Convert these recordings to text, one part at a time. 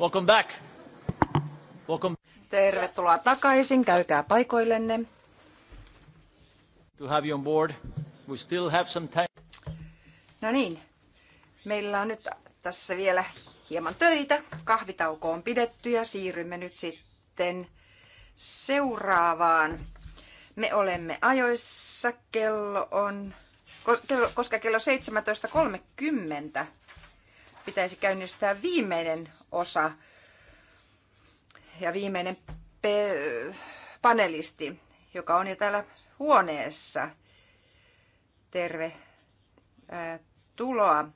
Welcome back. Welcome. Tervetuloa takaisin, käykää paikoillenne. To have you on board. We still have some time. No niin, meillä on nyt tässä vielä hieman töitä. Kahvitauko on pidetty ja siirrymme nyt sitten seuraavaan. Me olemme ajoissa, kello on, koska kello pitäisi käynnistää viimeinen osa ja viimeinen panelisti, joka on jo täällä huoneessa. Terve tuloa.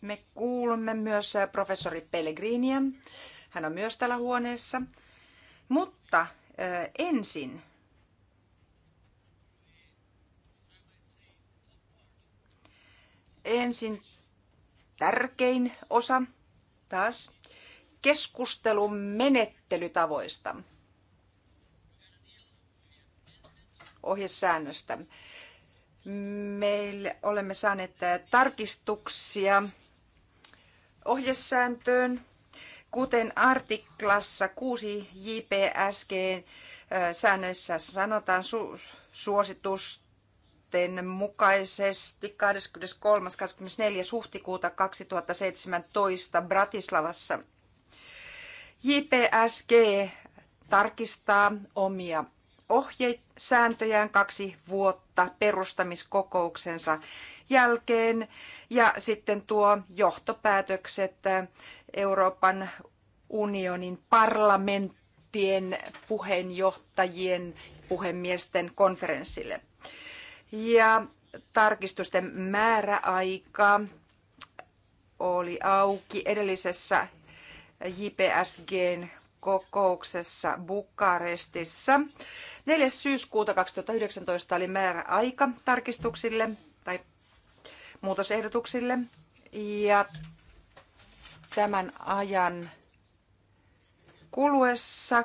Me kuulumme myös professori Pellegrinia. Hän on myös täällä huoneessa. Mutta ensin ensin tärkein osa taas keskustelun menettelytavoista ohjesäännöstä. Meille olemme saaneet tarkistuksia ohjesääntöön, kuten artiklassa 6 JPSG säännöissä sanotaan su- suositus periaatteen mukaisesti 23.–24. huhtikuuta 2017 Bratislavassa. JPSG tarkistaa omia ohjeet sääntöjään kaksi vuotta perustamiskokouksensa jälkeen ja sitten tuo johtopäätökset Euroopan unionin parlamenttien puheenjohtajien puhemiesten konferenssille. Ja tarkistusten määräaika oli auki edellisessä JPSGn kokouksessa Bukarestissa. 4. syyskuuta 2019 oli määräaika tarkistuksille tai muutosehdotuksille ja tämän ajan kuluessa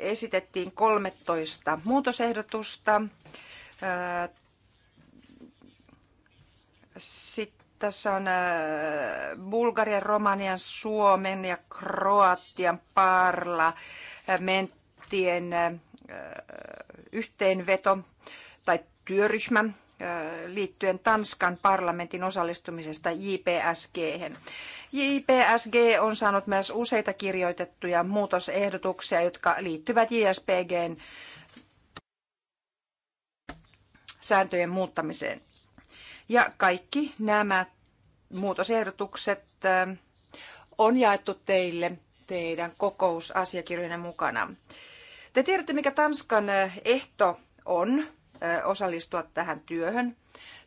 esitettiin 13 muutosehdotusta sitten tässä on äh, Bulgarian, Romanian, Suomen ja Kroatian parlamenttien äh, yhteenveto tai työryhmä äh, liittyen Tanskan parlamentin osallistumisesta JPSG. -hän. JPSG on saanut myös useita kirjoitettuja muutosehdotuksia, jotka liittyvät JSPGn sääntöjen muuttamiseen. Ja kaikki nämä muutosehdotukset äh, on jaettu teille teidän kokousasiakirjojen mukana. Te tiedätte, mikä Tanskan äh, ehto on äh, osallistua tähän työhön.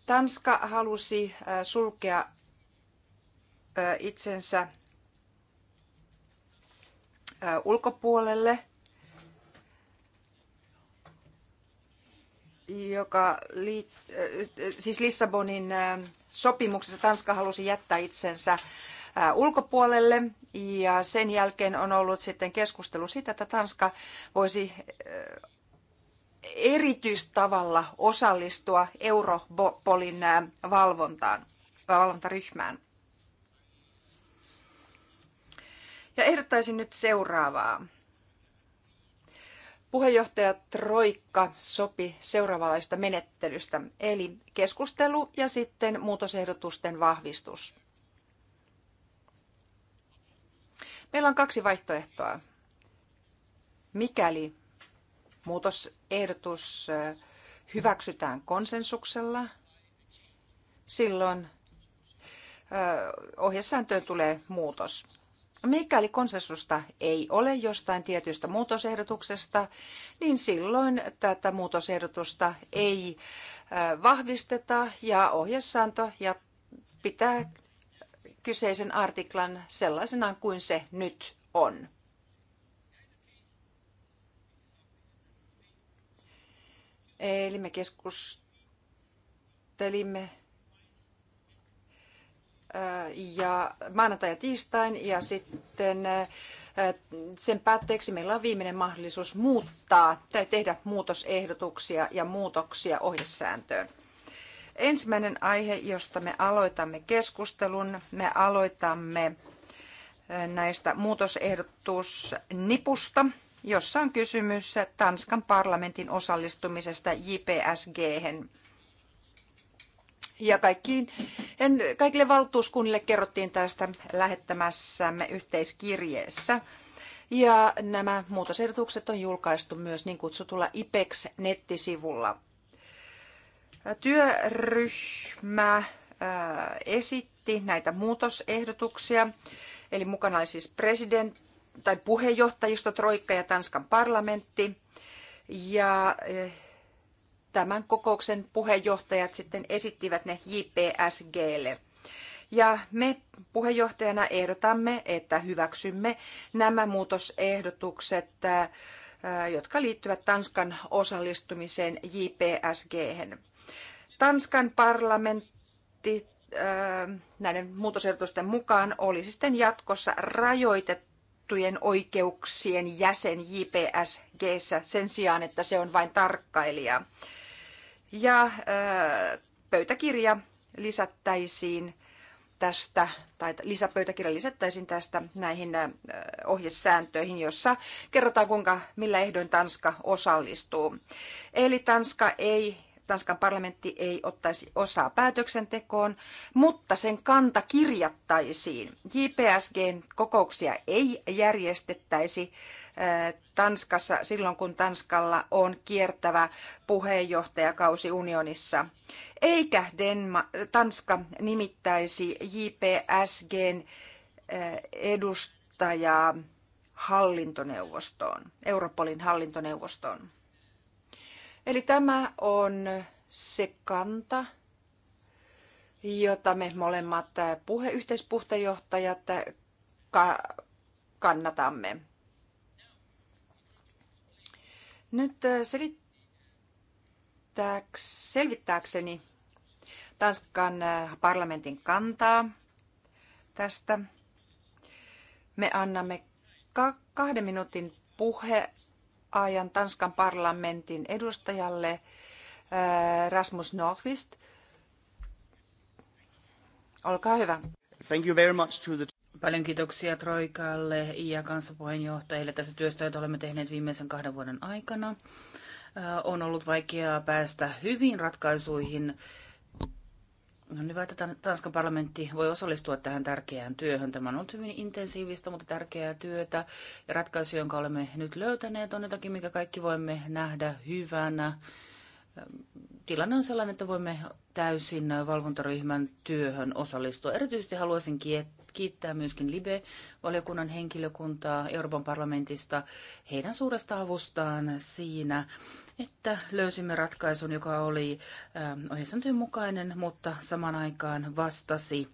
Tanska halusi sulkea itsensä ulkopuolelle joka äh, siis Lissabonin äh, sopimuksessa Tanska halusi jättää itsensä äh, ulkopuolelle ja sen jälkeen on ollut sitten keskustelu siitä, että Tanska voisi erityistavalla osallistua Europolin valvontaan, valvontaryhmään. Ja ehdottaisin nyt seuraavaa. Puheenjohtaja Troikka sopi seuraavanlaista menettelystä, eli keskustelu ja sitten muutosehdotusten vahvistus. Meillä on kaksi vaihtoehtoa. Mikäli muutosehdotus hyväksytään konsensuksella, silloin ohjesääntöön tulee muutos. Mikäli konsensusta ei ole jostain tietystä muutosehdotuksesta, niin silloin tätä muutosehdotusta ei vahvisteta ja ohjesanto ja pitää kyseisen artiklan sellaisenaan kuin se nyt on. Eli me keskustelimme ja maanantai ja tiistain ja sitten sen päätteeksi meillä on viimeinen mahdollisuus muuttaa tai tehdä muutosehdotuksia ja muutoksia ohjesääntöön. Ensimmäinen aihe, josta me aloitamme keskustelun, me aloitamme näistä muutosehdotusnipusta, jossa on kysymys Tanskan parlamentin osallistumisesta JPSG. -hen. Ja kaikkiin, en, kaikille valtuuskunnille kerrottiin tästä lähettämässämme yhteiskirjeessä. Ja nämä muutosehdotukset on julkaistu myös niin kutsutulla IPEX-nettisivulla. Työryhmä äh, esitti näitä muutosehdotuksia, eli mukana oli siis president tai puheenjohtajisto Troikka ja Tanskan parlamentti. Ja eh, tämän kokouksen puheenjohtajat sitten esittivät ne JPSGlle. Ja me puheenjohtajana ehdotamme, että hyväksymme nämä muutosehdotukset, äh, äh, jotka liittyvät Tanskan osallistumiseen JPSG. hen. Tanskan parlamentti äh, näiden muutosehdotusten mukaan olisi sitten jatkossa rajoitettujen oikeuksien jäsen JPSGssä sen sijaan, että se on vain tarkkailija ja äh, pöytäkirja lisättäisiin tästä, tai lisäpöytäkirja lisättäisiin tästä näihin äh, ohjesääntöihin, jossa kerrotaan kuinka, millä ehdoin Tanska osallistuu. Eli Tanska ei Tanskan parlamentti ei ottaisi osaa päätöksentekoon, mutta sen kanta kirjattaisiin. JPSGn kokouksia ei järjestettäisi äh, Tanskassa silloin, kun Tanskalla on kiertävä puheenjohtajakausi unionissa. Eikä Denma- Tanska nimittäisi JPSGn äh, edustajaa hallintoneuvostoon, Europolin hallintoneuvostoon. Eli tämä on se kanta, jota me molemmat puhe, ka- kannatamme. Nyt selvittääkseni Tanskan parlamentin kantaa tästä. Me annamme kahden minuutin puhe ajan Tanskan parlamentin edustajalle äh, Rasmus Nordqvist. Olkaa hyvä. Thank you very much to the... Paljon kiitoksia Troikalle ja kansanpuheenjohtajille tästä työstä, jota olemme tehneet viimeisen kahden vuoden aikana. Äh, on ollut vaikeaa päästä hyvin ratkaisuihin No niin, että Tanskan parlamentti voi osallistua tähän tärkeään työhön. Tämä on ollut hyvin intensiivistä, mutta tärkeää työtä. Ja ratkaisu, jonka olemme nyt löytäneet, on jotakin, mikä kaikki voimme nähdä hyvänä. Tilanne on sellainen, että voimme täysin valvontaryhmän työhön osallistua. Erityisesti haluaisin kiittää myöskin LIBE-valiokunnan henkilökuntaa Euroopan parlamentista heidän suuresta avustaan siinä, että löysimme ratkaisun, joka oli ähm, ohjeissantojen mukainen, mutta saman aikaan vastasi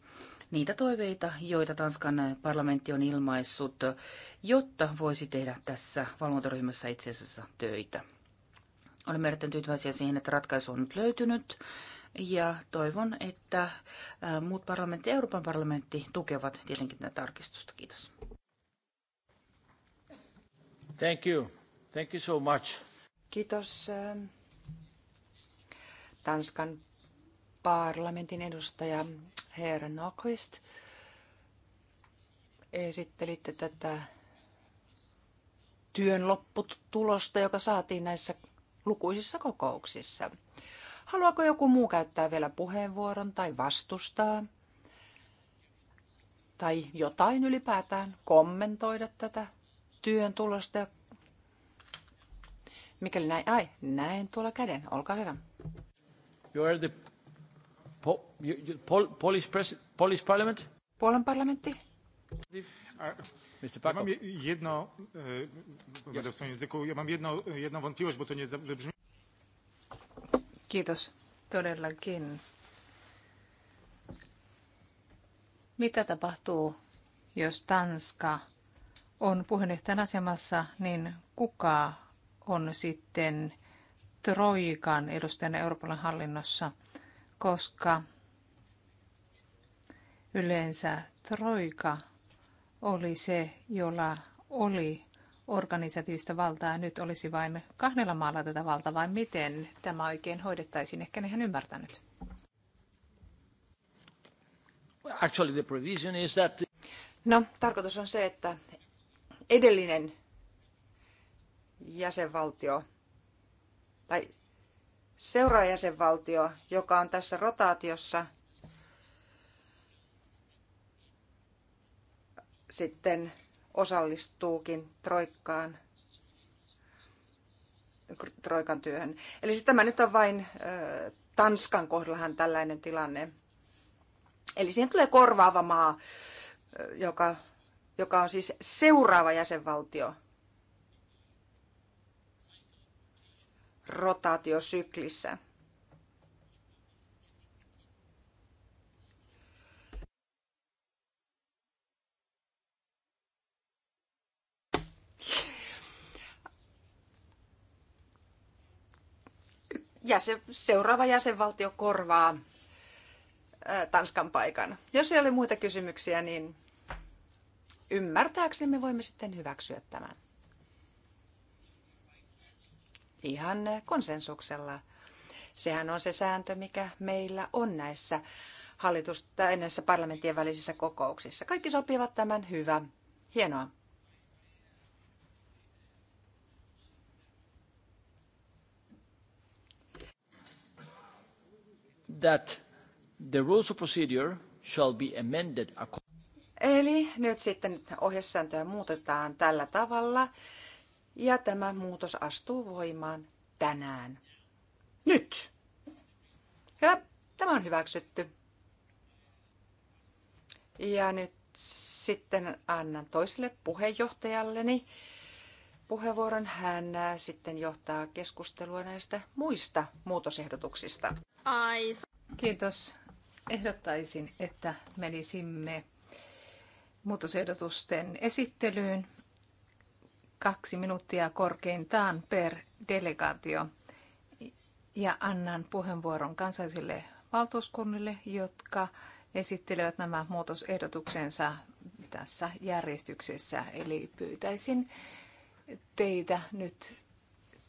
niitä toiveita, joita Tanskan parlamentti on ilmaissut, jotta voisi tehdä tässä valvontaryhmässä itse asiassa töitä. Olemme erittäin tyytyväisiä siihen, että ratkaisu on nyt löytynyt ja toivon, että äh, muut parlamentti ja Euroopan parlamentti tukevat tietenkin tätä tarkistusta. Kiitos. Thank you. Thank you so much. Kiitos. Tanskan parlamentin edustaja Herra Nokvist. Esittelitte tätä työn lopputulosta, joka saatiin näissä lukuisissa kokouksissa. Haluaako joku muu käyttää vielä puheenvuoron tai vastustaa? Tai jotain ylipäätään kommentoida tätä työn tulosta, Mikäli näin, ai, näin tuolla käden, olkaa hyvä. You are the po, you, you, Pol, Polish, pres, Polish parliament? Puolan parlamentti? Mr. Paco. Ja mam jedno, e, yes. w swoim języku, ja mam jedno, jedną wątpliwość, bo to nie wybrzmi. Kiitos, todellakin. Mitä tapahtuu, jos Tanska on puheenjohtajan asemassa, niin kuka on sitten Troikan edustajana Euroopan hallinnossa, koska yleensä Troika oli se, jolla oli organisatiivista valtaa, nyt olisi vain kahdella maalla tätä valtaa, vai miten tämä oikein hoidettaisiin? Ehkä ne hän ymmärtänyt. Actually the provision is that... No, tarkoitus on se, että edellinen jäsenvaltio tai seuraava jäsenvaltio, joka on tässä rotaatiossa, sitten osallistuukin troikkaan, troikan työhön. Eli siis tämä nyt on vain ö, Tanskan kohdallahan tällainen tilanne. Eli siihen tulee korvaava maa, joka, joka on siis seuraava jäsenvaltio – rotaatiosyklissä. jäsen, seuraava jäsenvaltio korvaa ää, Tanskan paikan. Jos ei ole muita kysymyksiä, niin ymmärtääkseni me voimme sitten hyväksyä tämän ihan konsensuksella. Sehän on se sääntö, mikä meillä on näissä hallitus- tai näissä parlamenttien välisissä kokouksissa. Kaikki sopivat tämän hyvä. Hienoa. That the rules of procedure shall be amended Eli nyt sitten ohjesääntöä muutetaan tällä tavalla, ja tämä muutos astuu voimaan tänään. Nyt! Ja tämä on hyväksytty. Ja nyt sitten annan toiselle puheenjohtajalleni puheenvuoron. Hän äh, sitten johtaa keskustelua näistä muista muutosehdotuksista. Ai. Kiitos. Ehdottaisin, että menisimme muutosehdotusten esittelyyn kaksi minuuttia korkeintaan per delegaatio. Ja annan puheenvuoron kansallisille valtuuskunnille, jotka esittelevät nämä muutosehdotuksensa tässä järjestyksessä. Eli pyytäisin teitä nyt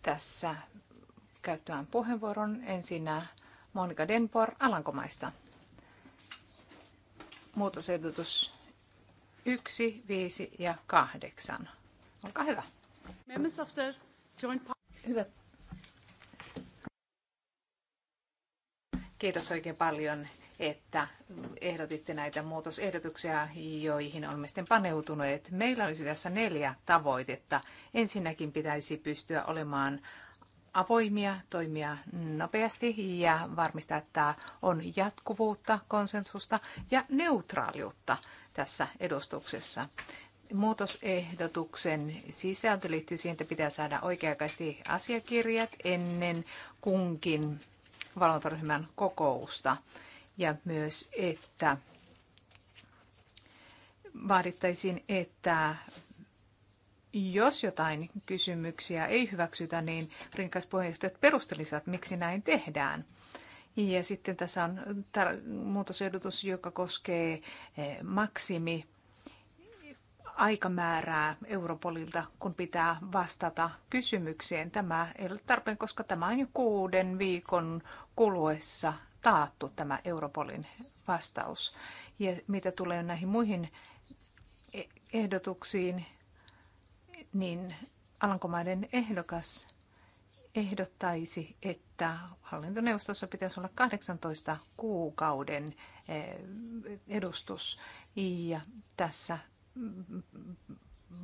tässä käyttämään puheenvuoron ensinnä Monika Denpor Alankomaista. Muutosehdotus 1, 5 ja 8. Olkaa hyvä. Members of the joint... Hyvät Kiitos oikein paljon, että ehdotitte näitä muutosehdotuksia, joihin olemme sitten paneutuneet. Meillä olisi tässä neljä tavoitetta. Ensinnäkin pitäisi pystyä olemaan avoimia, toimia nopeasti ja varmistaa, että on jatkuvuutta, konsensusta ja neutraaliutta tässä edustuksessa muutosehdotuksen sisältö liittyy siihen, että pitää saada oikeaikaisesti asiakirjat ennen kunkin valvontaryhmän kokousta ja myös, että vaadittaisiin, että jos jotain kysymyksiä ei hyväksytä, niin rinkaispuheenjohtajat perustelisivat, miksi näin tehdään. Ja sitten tässä on tar- muutosehdotus, joka koskee eh, maksimi aikamäärää Europolilta, kun pitää vastata kysymykseen. Tämä ei ole tarpeen, koska tämä on jo kuuden viikon kuluessa taattu tämä Europolin vastaus. Ja mitä tulee näihin muihin e- ehdotuksiin, niin Alankomaiden ehdokas ehdottaisi, että hallintoneuvostossa pitäisi olla 18 kuukauden eh, edustus. Ja tässä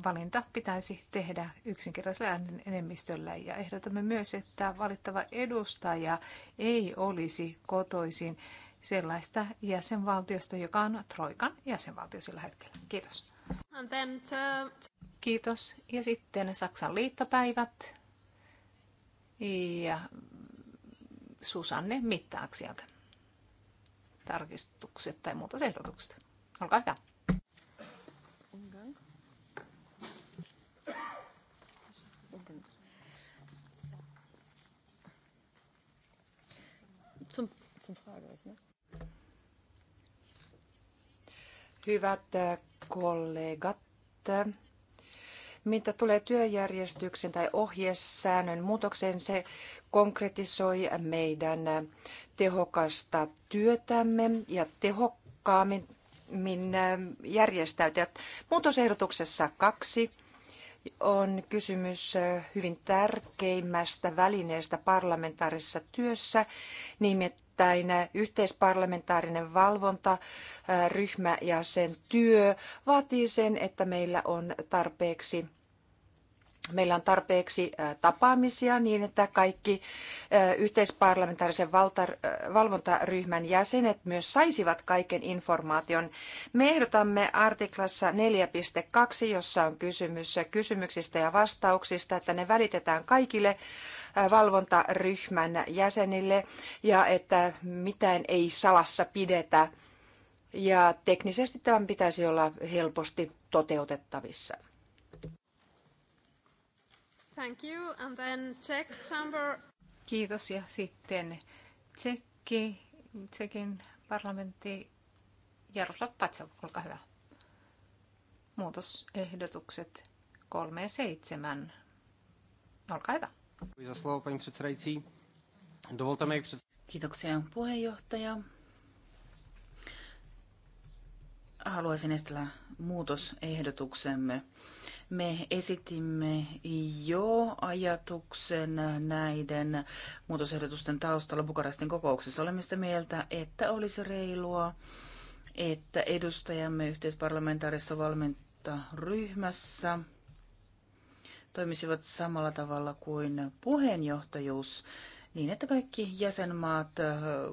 valinta pitäisi tehdä yksinkertaisella äänen enemmistöllä ja ehdotamme myös, että valittava edustaja ei olisi kotoisin sellaista jäsenvaltiosta, joka on Troikan jäsenvaltio sillä hetkellä. Kiitos. Kiitos. Ja sitten Saksan liittopäivät ja Susanne mittaaksi sieltä tarkistukset tai muutosehdotukset. Olkaa hyvä. Hyvät äh, kollegat, äh, mitä tulee työjärjestyksen tai ohjesäännön muutokseen, se konkretisoi meidän äh, tehokasta työtämme ja tehokkaammin järjestäytyä. Muutosehdotuksessa kaksi on kysymys hyvin tärkeimmästä välineestä parlamentaarisessa työssä, nimittäin yhteisparlamentaarinen valvontaryhmä ja sen työ vaatii sen, että meillä on tarpeeksi Meillä on tarpeeksi tapaamisia niin, että kaikki yhteisparlamentaarisen valvontaryhmän jäsenet myös saisivat kaiken informaation. Me ehdotamme artiklassa 4.2, jossa on kysymys kysymyksistä ja vastauksista, että ne välitetään kaikille Äh, valvontaryhmän jäsenille ja että mitään ei salassa pidetä. Ja teknisesti tämän pitäisi olla helposti toteutettavissa. Thank you. And then check chamber. Kiitos ja sitten Tsekki, Tsekin parlamentti Jaroslav Patsov, olkaa hyvä. Muutosehdotukset 3 ja 7. Olkaa hyvä. Kiitoksia puheenjohtaja. Haluaisin esitellä muutosehdotuksemme. Me esitimme jo ajatuksen näiden muutosehdotusten taustalla Bukarestin kokouksessa. Olemme sitä mieltä, että olisi reilua, että edustajamme yhteisparlamentaarissa valmentaryhmässä ryhmässä – toimisivat samalla tavalla kuin puheenjohtajuus niin, että kaikki jäsenmaat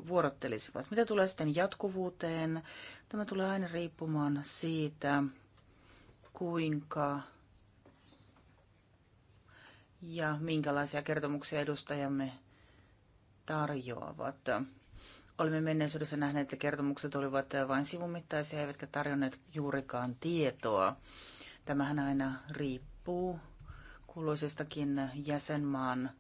vuorottelisivat. Mitä tulee sitten jatkuvuuteen? Tämä tulee aina riippumaan siitä, kuinka ja minkälaisia kertomuksia edustajamme tarjoavat. Olemme menneisyydessä nähneet, että kertomukset olivat vain sivumittaisia, eivätkä tarjonneet juurikaan tietoa. Tämähän aina riippuu kuuluisestakin jäsenmaan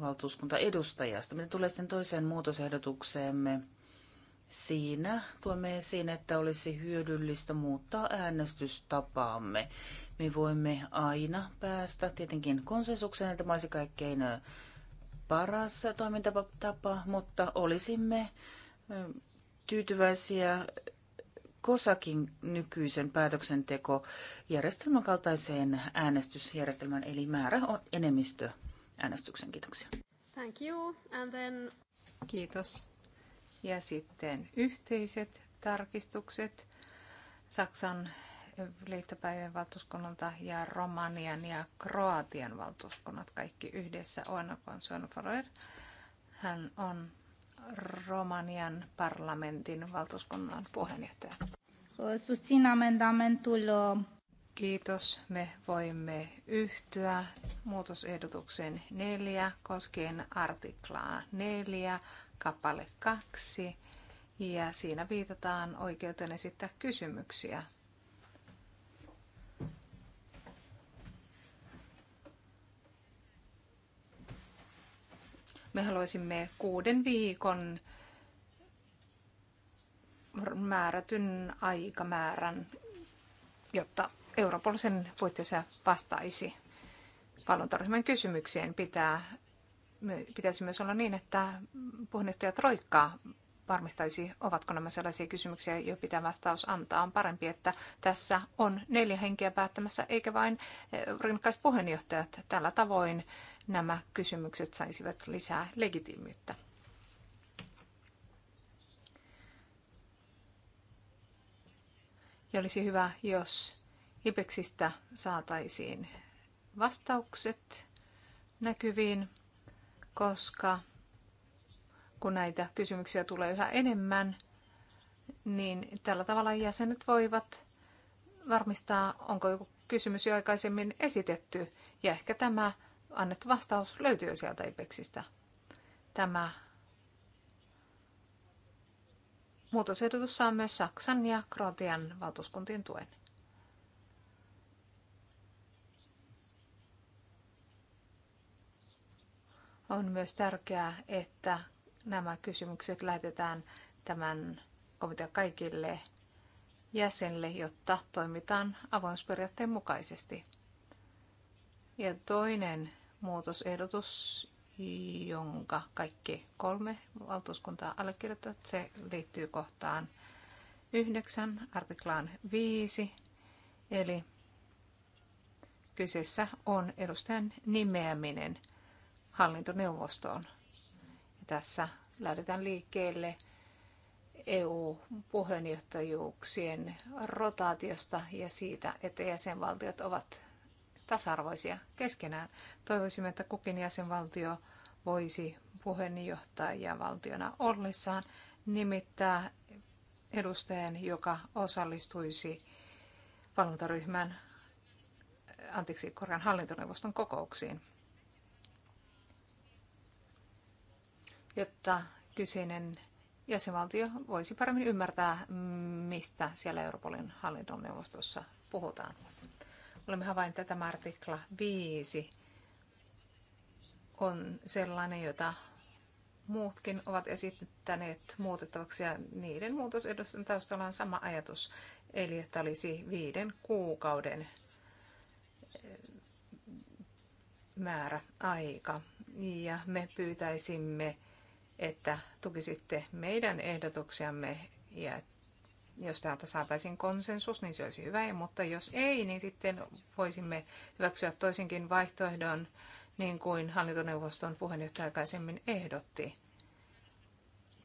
valtuuskuntaedustajasta. Mitä tulee sitten toiseen muutosehdotukseemme, siinä tuomme esiin, että olisi hyödyllistä muuttaa äänestystapaamme. Me voimme aina päästä tietenkin konsensukseen, että tämä olisi kaikkein paras toimintatapa, mutta olisimme tyytyväisiä kosakin nykyisen päätöksentekojärjestelmän kaltaiseen äänestysjärjestelmään, eli määrä on enemmistö äänestyksen. Kiitoksia. Thank you. And then... Kiitos. Ja sitten yhteiset tarkistukset Saksan liittopäivien valtuuskunnalta ja Romanian ja Kroatian valtuuskunnat kaikki yhdessä. Oana Consuelo Hän on Romanian parlamentin valtuuskunnan puheenjohtaja. Susțin amendamentul... Uh, Kiitos. Me voimme yhtyä muutosehdotuksen neljä koskien artiklaa neljä, kappale kaksi. Ja siinä viitataan oikeuteen esittää kysymyksiä Me haluaisimme kuuden viikon määrätyn aikamäärän, jotta Europol sen puitteissa vastaisi valvontaryhmän kysymykseen. Pitää, pitäisi myös olla niin, että puheenjohtaja Troikkaa varmistaisi, ovatko nämä sellaisia kysymyksiä, jo pitää vastaus antaa. On parempi, että tässä on neljä henkeä päättämässä, eikä vain eh, rinnakkaispuheenjohtajat. Tällä tavoin nämä kysymykset saisivat lisää legitiimiyttä. Ja olisi hyvä, jos IPEXistä saataisiin vastaukset näkyviin, koska kun näitä kysymyksiä tulee yhä enemmän, niin tällä tavalla jäsenet voivat varmistaa, onko joku kysymys jo aikaisemmin esitetty, ja ehkä tämä annettu vastaus löytyy jo sieltä IPEXistä. Tämä muutosehdotus saa myös Saksan ja Kroatian valtuuskuntien tuen. On myös tärkeää, että Nämä kysymykset lähetetään tämän komitean kaikille jäsenille, jotta toimitaan avoimuusperiaatteen mukaisesti. Ja toinen muutosehdotus, jonka kaikki kolme valtuuskuntaa allekirjoittavat, se liittyy kohtaan 9 artiklaan 5, eli kyseessä on edustajan nimeäminen hallintoneuvostoon tässä lähdetään liikkeelle EU-puheenjohtajuuksien rotaatiosta ja siitä, että jäsenvaltiot ovat tasa-arvoisia keskenään. Toivoisimme, että kukin jäsenvaltio voisi valtiona ollessaan nimittää edustajan, joka osallistuisi valvontaryhmän, anteeksi, korjan hallintoneuvoston kokouksiin. jotta kyseinen jäsenvaltio voisi paremmin ymmärtää, mistä siellä Europolin hallintoneuvostossa puhutaan. Olemme havainneet, että tämä artikla 5 on sellainen, jota muutkin ovat esittäneet muutettavaksi ja niiden muutosedustan taustalla on sama ajatus, eli että olisi viiden kuukauden eh, määrä aika. Ja me pyytäisimme että tukisitte meidän ehdotuksiamme ja jos täältä saataisiin konsensus, niin se olisi hyvä, mutta jos ei, niin sitten voisimme hyväksyä toisenkin vaihtoehdon, niin kuin hallintoneuvoston puheenjohtaja aikaisemmin ehdotti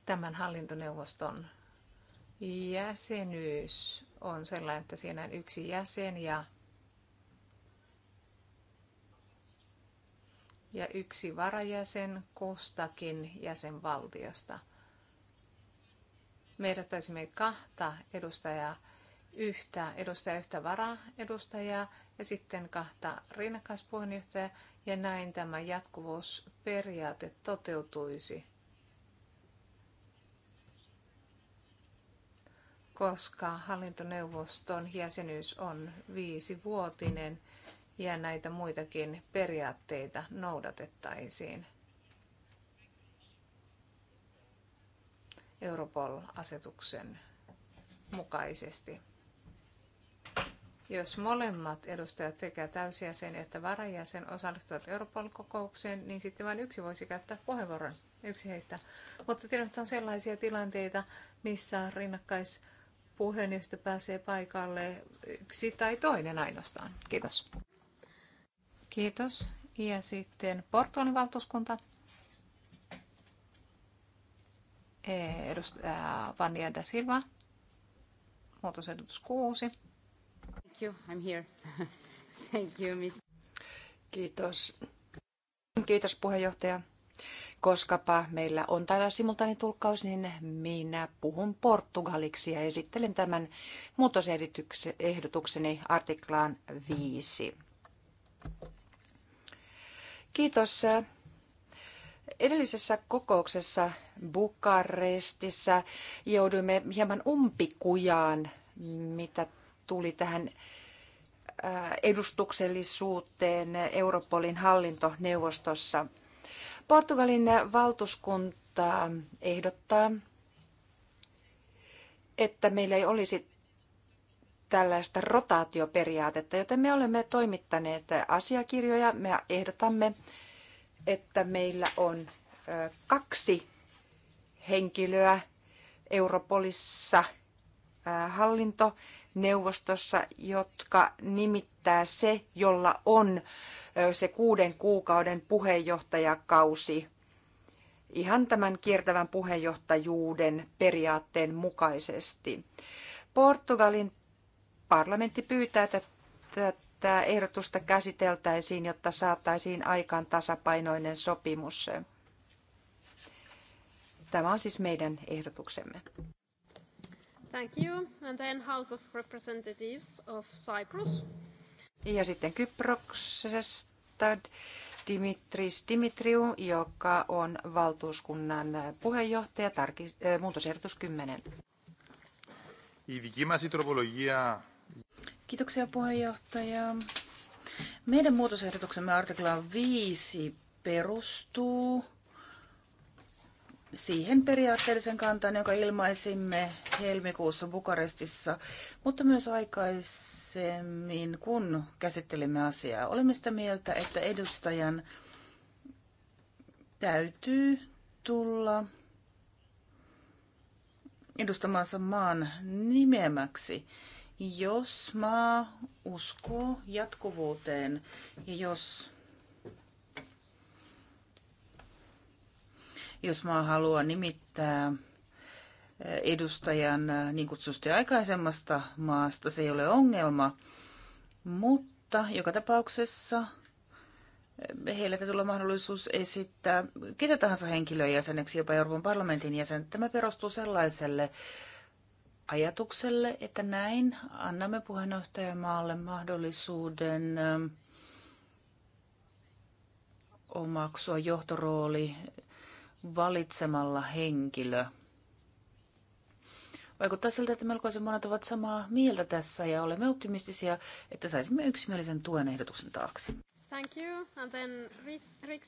tämän hallintoneuvoston jäsenyys on sellainen, että siinä on yksi jäsen ja ja yksi varajäsen kustakin jäsenvaltiosta. Me kahta edustajaa, yhtä edustajaa, yhtä varaedustajaa ja sitten kahta rinnakkaispuheenjohtajaa ja näin tämä jatkuvuusperiaate toteutuisi. koska hallintoneuvoston jäsenyys on viisivuotinen ja näitä muitakin periaatteita noudatettaisiin. Europol-asetuksen mukaisesti. Jos molemmat edustajat sekä täysjäsen että varajäsen osallistuvat Europol-kokoukseen, niin sitten vain yksi voisi käyttää puheenvuoron, yksi heistä. Mutta tietysti on sellaisia tilanteita, missä rinnakkaispuheenjohtaja pääsee paikalle yksi tai toinen ainoastaan. Kiitos. Kiitos. Ja sitten Portugalin valtuuskunta. Edustaja Vania da Silva. Muutosehdotus 6. Thank you. I'm here. Thank you, miss. Kiitos. Kiitos puheenjohtaja. Koskapa meillä on täällä tulkkaus, niin minä puhun portugaliksi ja esittelen tämän muutosehdotukseni artiklaan 5. Kiitos. Edellisessä kokouksessa Bukarestissa jouduimme hieman umpikujaan, mitä tuli tähän äh, edustuksellisuuteen Europolin hallintoneuvostossa. Portugalin valtuuskunta ehdottaa, että meillä ei olisi tällaista rotaatioperiaatetta, joten me olemme toimittaneet asiakirjoja. Me ehdotamme, että meillä on kaksi henkilöä Europolissa hallintoneuvostossa, jotka nimittää se, jolla on se kuuden kuukauden puheenjohtajakausi ihan tämän kiertävän puheenjohtajuuden periaatteen mukaisesti. Portugalin parlamentti pyytää, että tätä ehdotusta käsiteltäisiin, jotta saataisiin aikaan tasapainoinen sopimus. Tämä on siis meidän ehdotuksemme. Thank you. And then House of Representatives of Cyprus. Ja sitten Kyproksesta Dimitris Dimitriou, joka on valtuuskunnan puheenjohtaja, tarkis, äh, muutosehdotus 10. Η δική μας η τροπολογία Kiitoksia puheenjohtaja. Meidän muutosehdotuksemme artiklaan 5 perustuu siihen periaatteellisen kantaan, jonka ilmaisimme helmikuussa Bukarestissa, mutta myös aikaisemmin, kun käsittelimme asiaa. Olemme sitä mieltä, että edustajan täytyy tulla edustamansa maan nimeämäksi jos mä usko jatkuvuuteen ja jos, jos mä haluaa nimittää eh, edustajan eh, niin kutsusti aikaisemmasta maasta, se ei ole ongelma, mutta joka tapauksessa eh, heillä täytyy olla mahdollisuus esittää ketä tahansa henkilöjäseneksi, jopa Euroopan parlamentin jäsen. Tämä perustuu sellaiselle ajatukselle, että näin annamme puheenjohtajamaalle mahdollisuuden ähm, omaksua johtorooli valitsemalla henkilö. Vaikuttaa siltä, että melkoisen monet ovat samaa mieltä tässä ja olemme optimistisia, että saisimme yksimielisen tuen ehdotuksen taakse. Thank you. And then Rick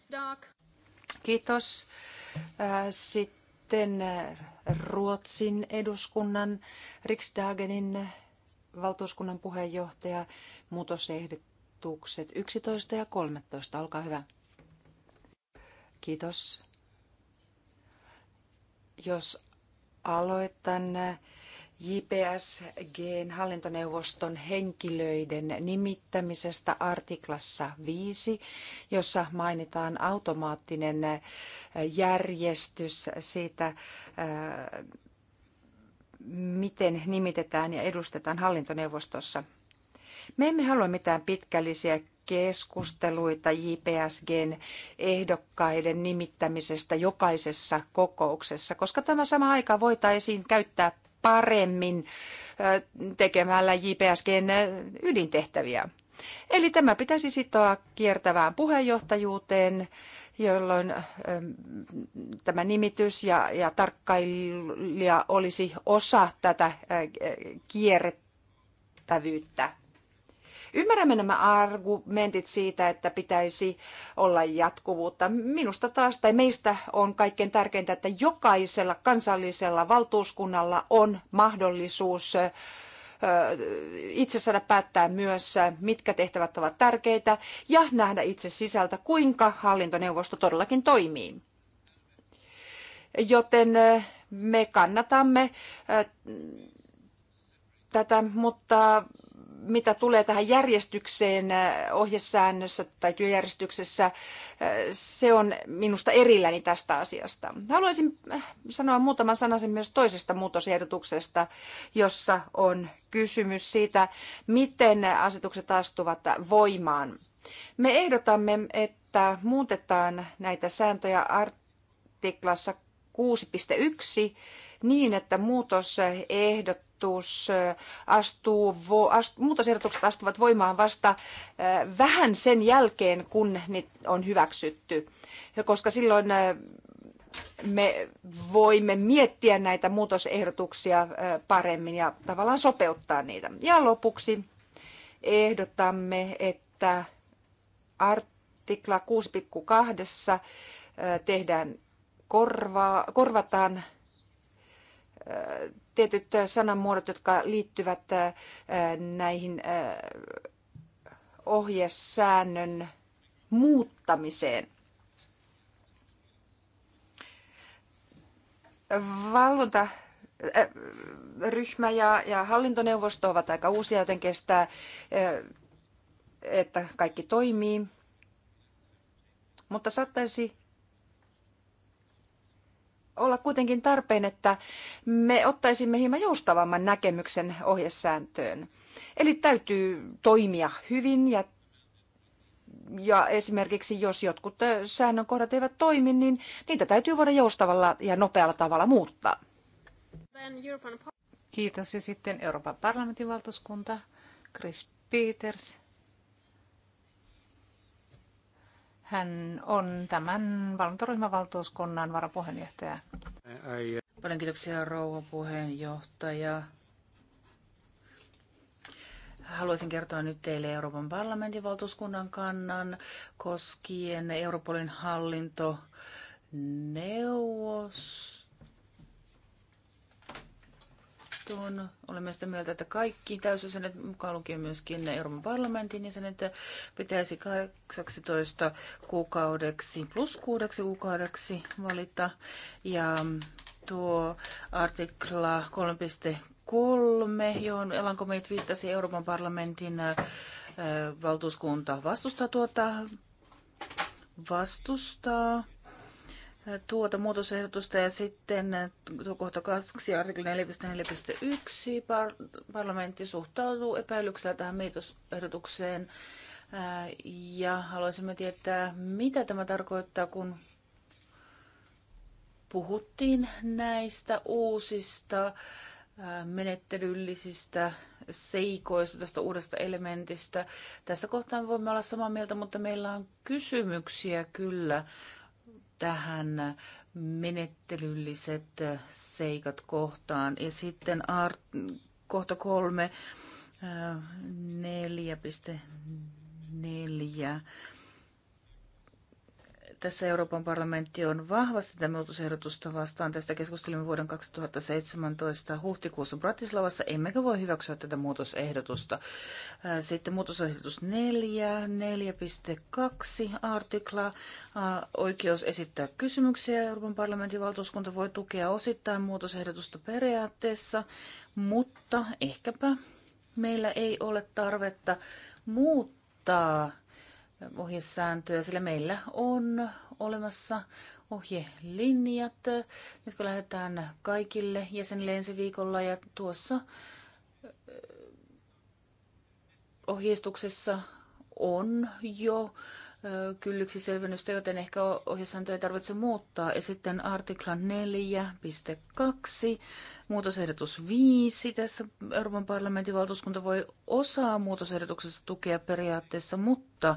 Kiitos. Äh, sitten äh, Ruotsin eduskunnan Riksdagenin valtuuskunnan puheenjohtaja, muutosehdotukset 11 ja 13. Olkaa hyvä. Kiitos. Jos aloitan JPSGn hallintoneuvoston henkilöiden nimittämisestä artiklassa 5, jossa mainitaan automaattinen äh, järjestys siitä, äh, miten nimitetään ja edustetaan hallintoneuvostossa. Me emme halua mitään pitkällisiä keskusteluita JPSGn ehdokkaiden nimittämisestä jokaisessa kokouksessa, koska tämä sama aika voitaisiin käyttää paremmin tekemällä JPSGn ydintehtäviä. Eli tämä pitäisi sitoa kiertävään puheenjohtajuuteen, jolloin tämä nimitys ja, ja tarkkailija olisi osa tätä kierrettävyyttä. Ymmärrämme nämä argumentit siitä, että pitäisi olla jatkuvuutta. Minusta taas tai meistä on kaikkein tärkeintä, että jokaisella kansallisella valtuuskunnalla on mahdollisuus itse saada päättää myös, mitkä tehtävät ovat tärkeitä ja nähdä itse sisältä, kuinka hallintoneuvosto todellakin toimii. Joten me kannatamme tätä, mutta mitä tulee tähän järjestykseen äh, ohjesäännössä tai työjärjestyksessä, äh, se on minusta erilläni tästä asiasta. Haluaisin äh, sanoa muutaman sanasen myös toisesta muutosehdotuksesta, jossa on kysymys siitä, miten asetukset astuvat voimaan. Me ehdotamme, että muutetaan näitä sääntöjä artiklassa 6.1 niin, että muutosehdot ehdotus astuu, ast, muutosehdotukset astuvat voimaan vasta vähän sen jälkeen, kun ne on hyväksytty, koska silloin me voimme miettiä näitä muutosehdotuksia paremmin ja tavallaan sopeuttaa niitä. Ja lopuksi ehdotamme, että artikla 6.2 tehdään korvaa, korvataan tietyt äh, sanamuodot, jotka liittyvät äh, näihin äh, ohjesäännön muuttamiseen. Valvonta ryhmä ja, ja hallintoneuvosto ovat aika uusia, joten kestää, että kaikki toimii. Mutta saattaisi olla kuitenkin tarpeen, että me ottaisimme hieman joustavamman näkemyksen ohjesääntöön. Eli täytyy toimia hyvin ja ja esimerkiksi jos jotkut kohdat eivät toimi, niin niitä täytyy voida joustavalla ja nopealla tavalla muuttaa. Kiitos. Ja sitten Euroopan parlamentin valtuuskunta, Chris Peters. Hän on tämän valvontaryhmän valtuuskunnan varapuheenjohtaja. Paljon kiitoksia rouva puheenjohtaja. Haluaisin kertoa nyt teille Euroopan parlamentin valtuuskunnan kannan koskien Europolin hallintoneuvosto neuvostoon. Olemme sitä mieltä, että kaikki täysjäsenet, mukaan lukien myöskin Euroopan parlamentin jäsenet, pitäisi 18 kuukaudeksi plus kuudeksi kuukaudeksi valita. Ja tuo artikla 3.3, johon Elankomeit viittasi Euroopan parlamentin äh, valtuuskunta vastustaa tuota vastustaa tuota muutosehdotusta ja sitten tuo kohta 2 artikli 4.4.1 par- parlamentti suhtautuu epäilyksellä tähän muutosehdotukseen ja haluaisimme tietää, mitä tämä tarkoittaa, kun puhuttiin näistä uusista menettelyllisistä seikoista, tästä uudesta elementistä. Tässä kohtaa me voimme olla samaa mieltä, mutta meillä on kysymyksiä kyllä tähän menettelylliset seikat kohtaan. Ja sitten art, kohta kolme, äh, neljä neljä tässä Euroopan parlamentti on vahvasti tätä muutosehdotusta vastaan. Tästä keskustelimme vuoden 2017 huhtikuussa Bratislavassa. Emmekä voi hyväksyä tätä muutosehdotusta. Sitten muutosehdotus 4, 4.2 artikla. Oikeus esittää kysymyksiä. Euroopan parlamentin valtuuskunta voi tukea osittain muutosehdotusta periaatteessa, mutta ehkäpä meillä ei ole tarvetta muuttaa ohjesääntöä, sillä meillä on olemassa ohjelinjat, jotka lähdetään kaikille jäsenille ensi viikolla ja tuossa ohjeistuksessa on jo kyllyksi selvennystä, joten ehkä ohjesääntöä ei tarvitse muuttaa. Ja sitten artikla 4.2, muutosehdotus 5. Tässä Euroopan parlamentin valtuuskunta voi osaa muutosehdotuksesta tukea periaatteessa, mutta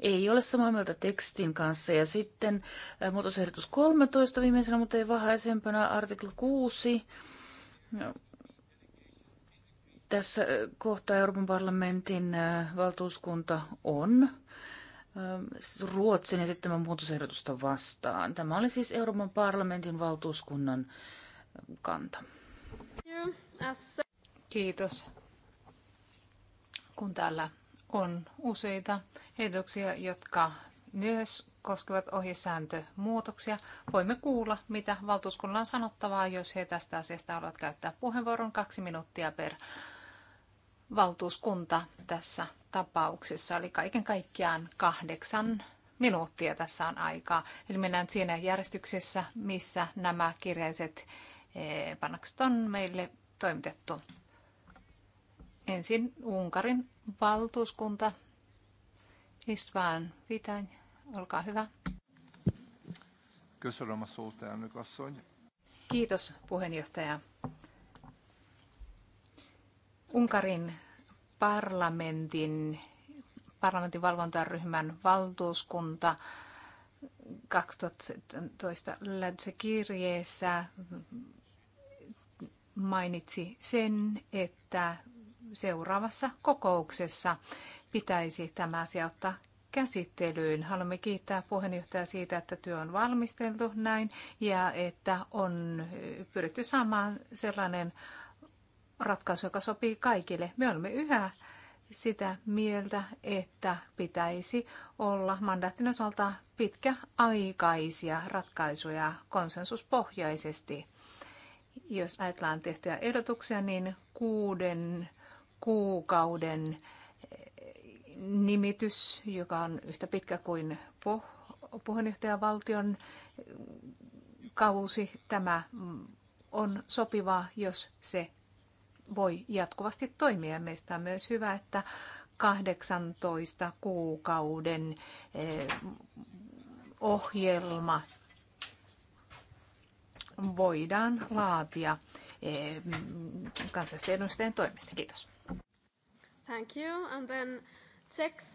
ei ole samaa mieltä tekstin kanssa. Ja sitten muutosehdotus 13 viimeisenä, mutta ei vähäisempänä, artikla 6. No, tässä kohtaa Euroopan parlamentin valtuuskunta on Ähm, Ruotsin esittämän muutosehdotusta vastaan. Tämä oli siis Euroopan parlamentin valtuuskunnan kanta. Kiitos. Kun täällä on useita ehdotuksia, jotka myös koskevat ohjesääntömuutoksia. Voimme kuulla, mitä valtuuskunnalla on sanottavaa, jos he tästä asiasta haluavat käyttää puheenvuoron kaksi minuuttia per valtuuskunta tässä tapauksessa. oli kaiken kaikkiaan kahdeksan minuuttia tässä on aikaa. Eli mennään siinä järjestyksessä, missä nämä kirjaiset e, panokset on meille toimitettu. Ensin Unkarin valtuuskunta. István Vitány, olkaa hyvä. Köszönöm a szót, Kiitos puheenjohtaja. Unkarin parlamentin, parlamentin valvontaryhmän valtuuskunta 2017 kirjeessä mainitsi sen, että seuraavassa kokouksessa pitäisi tämä asia ottaa käsittelyyn. Haluamme kiittää puheenjohtajaa siitä, että työ on valmisteltu näin ja että on pyritty saamaan sellainen ratkaisu, joka sopii kaikille. Me olemme yhä sitä mieltä, että pitäisi olla mandaattin osalta pitkäaikaisia ratkaisuja konsensuspohjaisesti. Jos ajatellaan tehtyjä ehdotuksia, niin kuuden kuukauden eh, nimitys, joka on yhtä pitkä kuin puheenjohtajavaltion eh, kausi, tämä mm, on sopiva, jos se voi jatkuvasti toimia. Meistä on myös hyvä, että 18 kuukauden eh, ohjelma voidaan laatia eh, kansallisten edustajien toimesta. Kiitos. Thank you. And then Czechs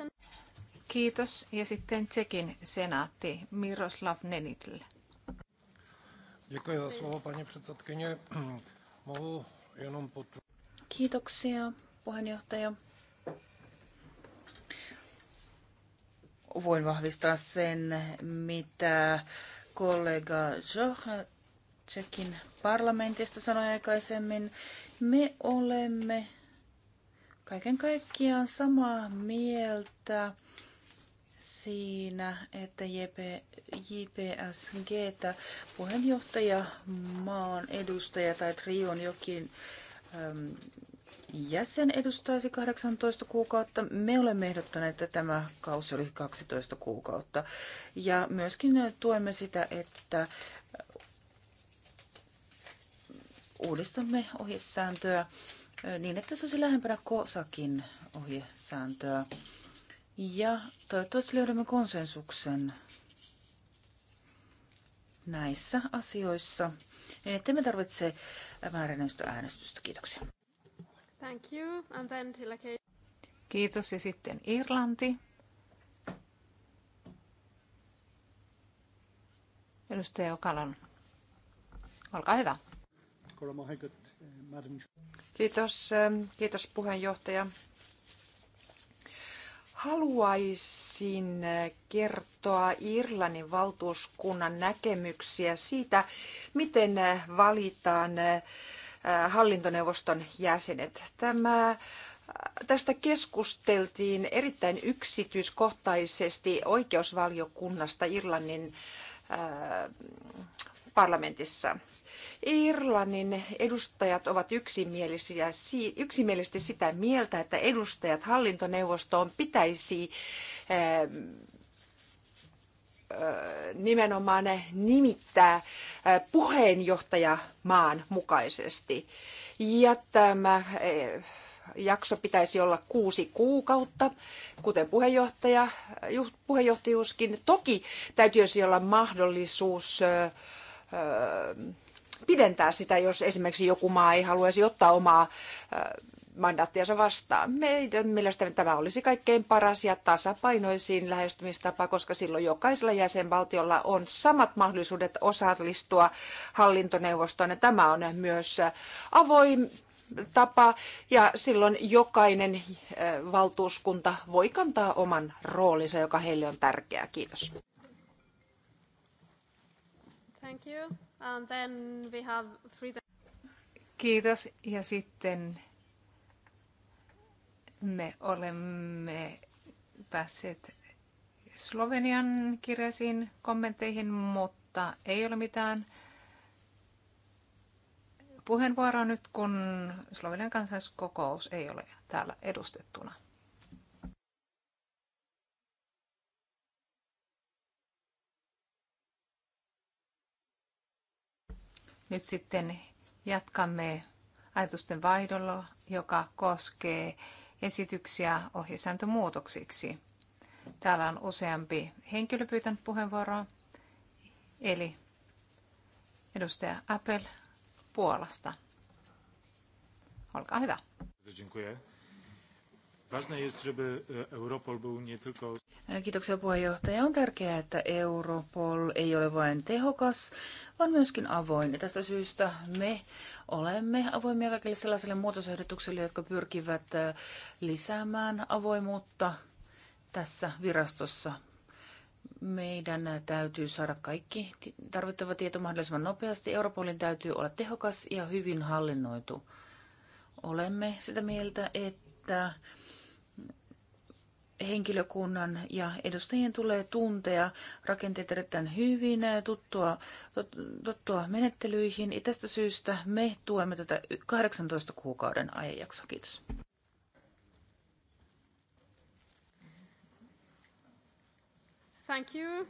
Kiitos. Ja sitten Tsekin senaatti Miroslav Nenitl. Děkuji za slovo, paní předsedkyně. Mohu jenom potvrdit. Kiitoksia, puheenjohtaja. Voin vahvistaa sen, mitä kollega Joh Tsekin parlamentista sanoi aikaisemmin. Me olemme kaiken kaikkiaan samaa mieltä siinä, että JP, JPSG, puheenjohtaja maan edustaja tai Trion jokin äm, jäsen edustaisi 18 kuukautta. Me olemme ehdottaneet, että tämä kausi olisi 12 kuukautta. Ja myöskin tuemme sitä, että uudistamme ohjesääntöä niin, että se olisi lähempänä kosakin ohjesääntöä. Ja toivottavasti löydämme konsensuksen näissä asioissa, niin ettei me tarvitse määräenemmistöäänestystä. Kiitoksia. Thank you. And then till Kiitos. Ja sitten Irlanti. Edustaja Okalon. Olkaa hyvä. Kiitos, ähm, kiitos puheenjohtaja. Haluaisin äh, kertoa Irlannin valtuuskunnan näkemyksiä siitä, miten äh, valitaan äh, hallintoneuvoston jäsenet. Tämä Tästä keskusteltiin erittäin yksityiskohtaisesti oikeusvaliokunnasta Irlannin parlamentissa. Irlannin edustajat ovat yksimielisiä, yksimielisesti sitä mieltä, että edustajat hallintoneuvostoon pitäisi nimenomaan nimittää puheenjohtaja maan mukaisesti. Ja tämä jakso pitäisi olla kuusi kuukautta, kuten puheenjohtaja, puheenjohtajuuskin. Toki täytyisi olla mahdollisuus pidentää sitä, jos esimerkiksi joku maa ei haluaisi ottaa omaa mandaattiansa vastaan. Meidän mielestämme tämä olisi kaikkein paras ja tasapainoisin lähestymistapa, koska silloin jokaisella jäsenvaltiolla on samat mahdollisuudet osallistua hallintoneuvostoon. Ja tämä on myös avoin tapa ja silloin jokainen eh, valtuuskunta voi kantaa oman roolinsa, joka heille on tärkeä. Kiitos. Kiitos. Ja sitten me olemme päässeet Slovenian kirjaisiin kommentteihin, mutta ei ole mitään puheenvuoroa nyt, kun Slovenian kansalliskokous ei ole täällä edustettuna. Nyt sitten jatkamme ajatusten vaihdolla, joka koskee esityksiä ohjesääntömuutoksiksi. Täällä on useampi henkilö pyytänyt puheenvuoroa, eli edustaja Apple Puolasta. Olkaa hyvä. Dziękuję. E, Kiitoksia puheenjohtaja. On tärkeää, että Europol ei ole vain tehokas, vaan myöskin avoin. Ja tästä syystä me olemme avoimia kaikille sellaisille muutosehdotuksille, jotka pyrkivät e, lisäämään avoimuutta tässä virastossa. Meidän täytyy saada kaikki tarvittava tieto mahdollisimman nopeasti. Europolin täytyy olla tehokas ja hyvin hallinnoitu. Olemme sitä mieltä, että että henkilökunnan ja edustajien tulee tuntea rakenteet erittäin hyvin, tuttua, tuttua menettelyihin. Ja tästä syystä me tuemme tätä 18 kuukauden ajanjaksoa. Kiitos. Thank you.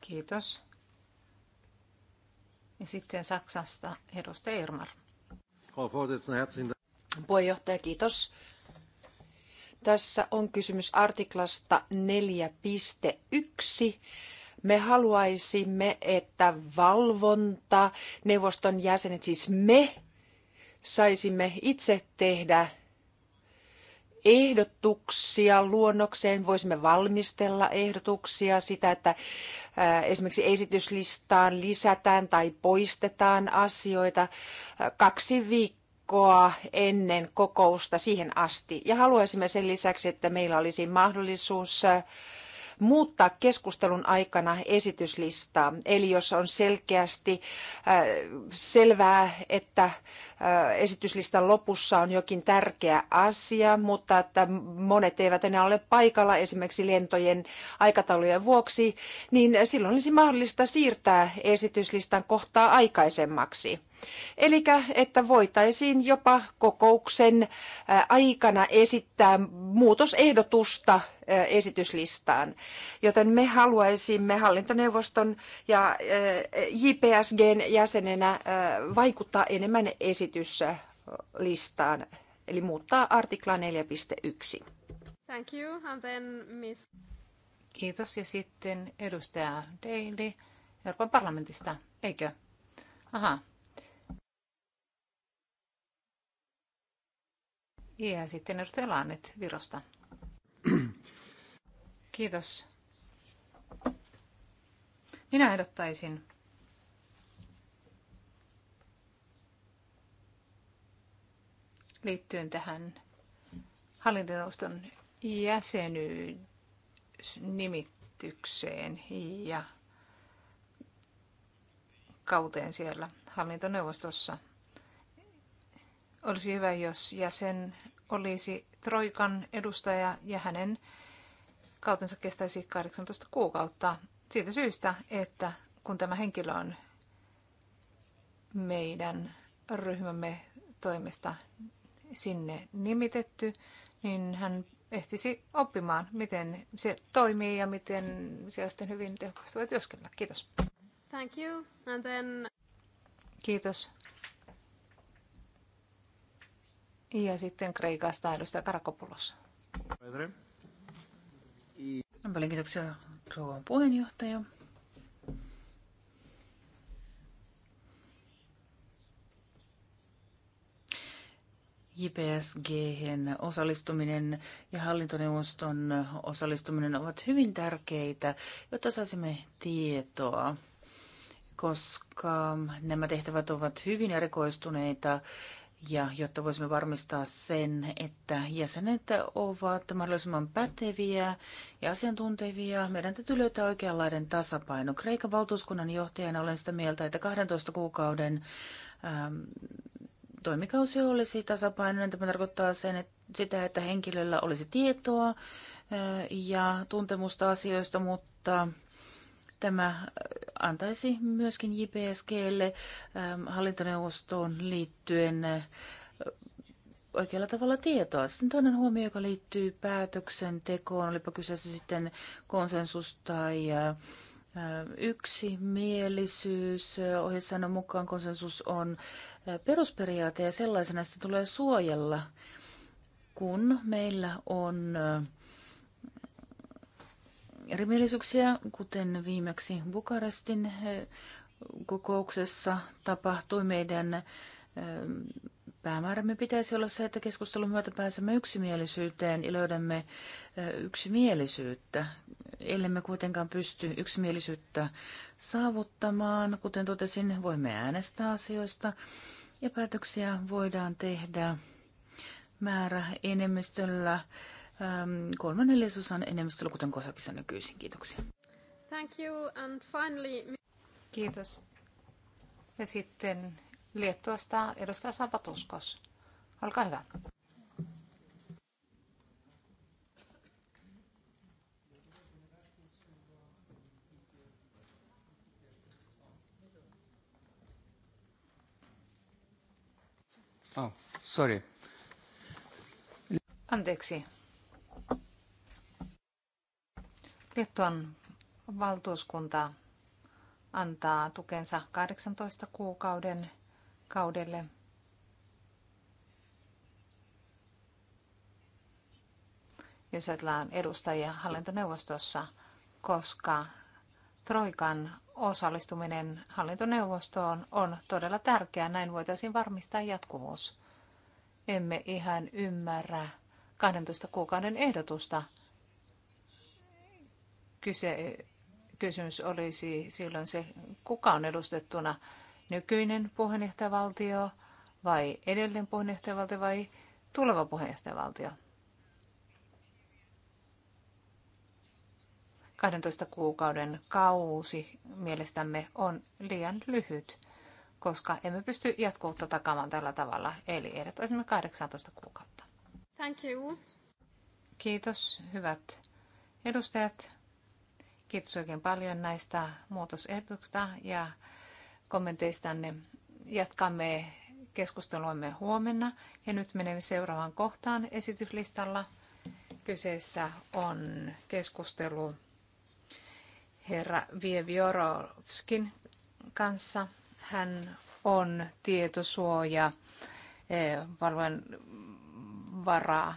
Kiitos. Ja sitten Saksasta edustaja Irmar. Puheenjohtaja, kiitos. Tässä on kysymys artiklasta 4.1. Me haluaisimme, että valvonta, neuvoston jäsenet, siis me, saisimme itse tehdä ehdotuksia luonnokseen, voisimme valmistella ehdotuksia sitä, että äh, esimerkiksi esityslistaan lisätään tai poistetaan asioita äh, kaksi viikkoa viikkoa ennen kokousta siihen asti. Ja haluaisimme sen lisäksi, että meillä olisi mahdollisuus äh, muuttaa keskustelun aikana esityslistaa. Eli jos on selkeästi äh, selvää, että äh, esityslistan lopussa on jokin tärkeä asia, mutta että monet eivät enää ole paikalla esimerkiksi lentojen aikataulujen vuoksi, niin silloin olisi mahdollista siirtää esityslistan kohtaa aikaisemmaksi. Eli että voitaisiin jopa kokouksen aikana esittää muutosehdotusta esityslistaan. Joten me haluaisimme hallintoneuvoston ja JPSGn jäsenenä vaikuttaa enemmän esityslistaan, eli muuttaa artikla 4.1. Thank you. And then miss... Kiitos. Ja sitten edustaja Daily Euroopan parlamentista, eikö? Aha, Ja sitten edustaja Laanet Virosta. Kiitos. Minä ehdottaisin liittyen tähän hallintoneuvoston jäsenyysnimitykseen ja kauteen siellä hallintoneuvostossa. Olisi hyvä, jos jäsen olisi Troikan edustaja ja hänen kautensa kestäisi 18 kuukautta siitä syystä, että kun tämä henkilö on meidän ryhmämme toimesta sinne nimitetty, niin hän ehtisi oppimaan, miten se toimii ja miten siellä sitten hyvin tehokkaasti voi työskennellä. Kiitos. Thank you. And then... Kiitos. Ja sitten Kreikasta edustaja Karakopulos. Paljon kiitoksia rouvan puheenjohtaja. jpsg osallistuminen ja hallintoneuvoston osallistuminen ovat hyvin tärkeitä, jotta saisimme tietoa, koska nämä tehtävät ovat hyvin erikoistuneita ja jotta voisimme varmistaa sen, että jäsenet ovat mahdollisimman päteviä ja asiantuntevia, meidän täytyy löytää oikeanlainen tasapaino. Kreikan valtuuskunnan johtajana olen sitä mieltä, että 12 kuukauden ähm, toimikausi olisi tasapainoinen. Tämä tarkoittaa sen, että sitä, että henkilöllä olisi tietoa äh, ja tuntemusta asioista, mutta Tämä äh, antaisi myöskin JPSGlle ähm, hallintoneuvostoon liittyen äh, oikealla tavalla tietoa. Sitten toinen huomio, joka liittyy päätöksentekoon, olipa kyseessä sitten konsensus tai äh, yksimielisyys. Ohjesäännön mukaan konsensus on perusperiaate ja sellaisena sitä tulee suojella, kun meillä on erimielisyyksiä, kuten viimeksi Bukarestin eh, kokouksessa tapahtui. Meidän eh, päämäärämme pitäisi olla se, että keskustelun myötä pääsemme yksimielisyyteen ja löydämme eh, yksimielisyyttä. Ellemme kuitenkaan pysty yksimielisyyttä saavuttamaan, kuten totesin, voimme äänestää asioista ja päätöksiä voidaan tehdä määrä enemmistöllä Ähm, kolman neljäsosan enemmistöllä, kuten Kosakissa nykyisin. Kiitoksia. Thank you and finally... Kiitos. Ja sitten Liettuasta edustaja Sapatuskos. Olkaa hyvä. Oh, sorry. Anteeksi, Liettuan valtuuskunta antaa tukensa 18 kuukauden kaudelle. Jos ajatellaan edustajia hallintoneuvostossa, koska Troikan osallistuminen hallintoneuvostoon on todella tärkeää. Näin voitaisiin varmistaa jatkuvuus. Emme ihan ymmärrä 12 kuukauden ehdotusta, kyse, kysymys olisi silloin se, kuka on edustettuna, nykyinen puheenjohtajavaltio vai edellinen puheenjohtajavaltio vai tuleva puheenjohtajavaltio. 12 kuukauden kausi mielestämme on liian lyhyt, koska emme pysty jatkuvuutta takaamaan tällä tavalla. Eli ehdottaisimme 18 kuukautta. Thank you. Kiitos, hyvät edustajat. Kiitos oikein paljon näistä muutosehdotuksista ja kommenteistanne. Jatkamme keskusteluamme huomenna ja nyt menemme seuraavaan kohtaan esityslistalla. Kyseessä on keskustelu herra Vievjorovskin kanssa. Hän on tietosuoja varaa eh,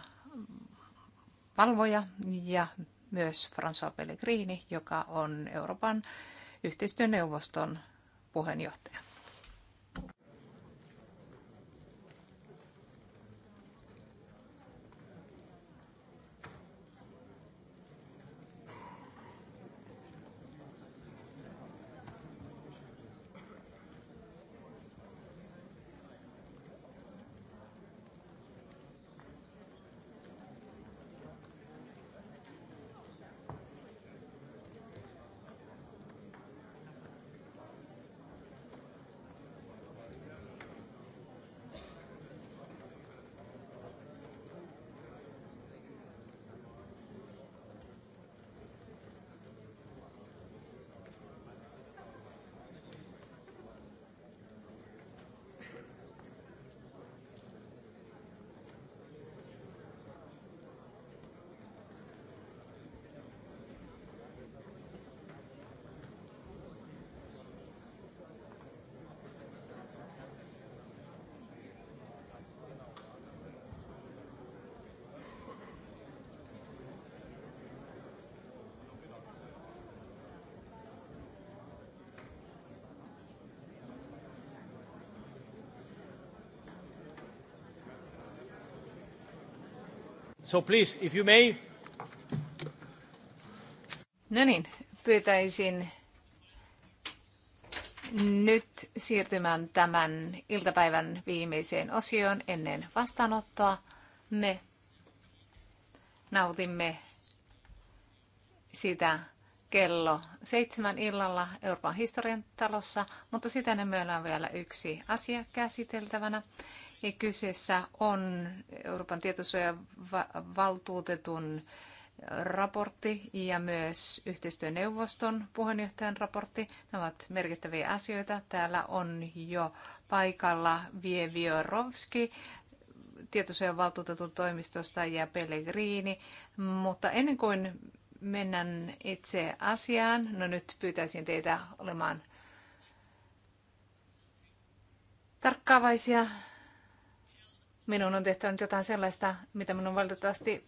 valvoja ja myös François Pellegrini, joka on Euroopan yhteistyöneuvoston puheenjohtaja. So please, if you may. No niin, pyytäisin nyt siirtymään tämän iltapäivän viimeiseen osioon ennen vastaanottoa. Me nautimme sitä kello seitsemän illalla Euroopan historian talossa, mutta sitä ne meillä on vielä yksi asia käsiteltävänä. Ja kyseessä on Euroopan tietosuojavaltuutetun raportti ja myös yhteistyöneuvoston puheenjohtajan raportti. Nämä ovat merkittäviä asioita. Täällä on jo paikalla Vievio Rovski, tietosuojavaltuutetun toimistosta ja Pellegrini. Mutta ennen kuin mennään itse asiaan, no nyt pyytäisin teitä olemaan tarkkaavaisia minun on tehtävä nyt jotain sellaista, mitä minun on valitettavasti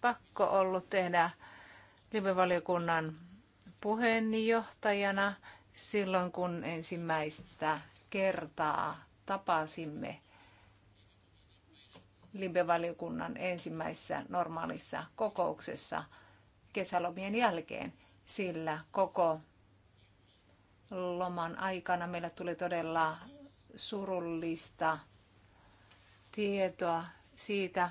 pakko ollut tehdä livevaliokunnan puheenjohtajana silloin, kun ensimmäistä kertaa tapasimme libevaliokunnan ensimmäisessä normaalissa kokouksessa kesälomien jälkeen, sillä koko loman aikana meillä tuli todella surullista tietoa siitä,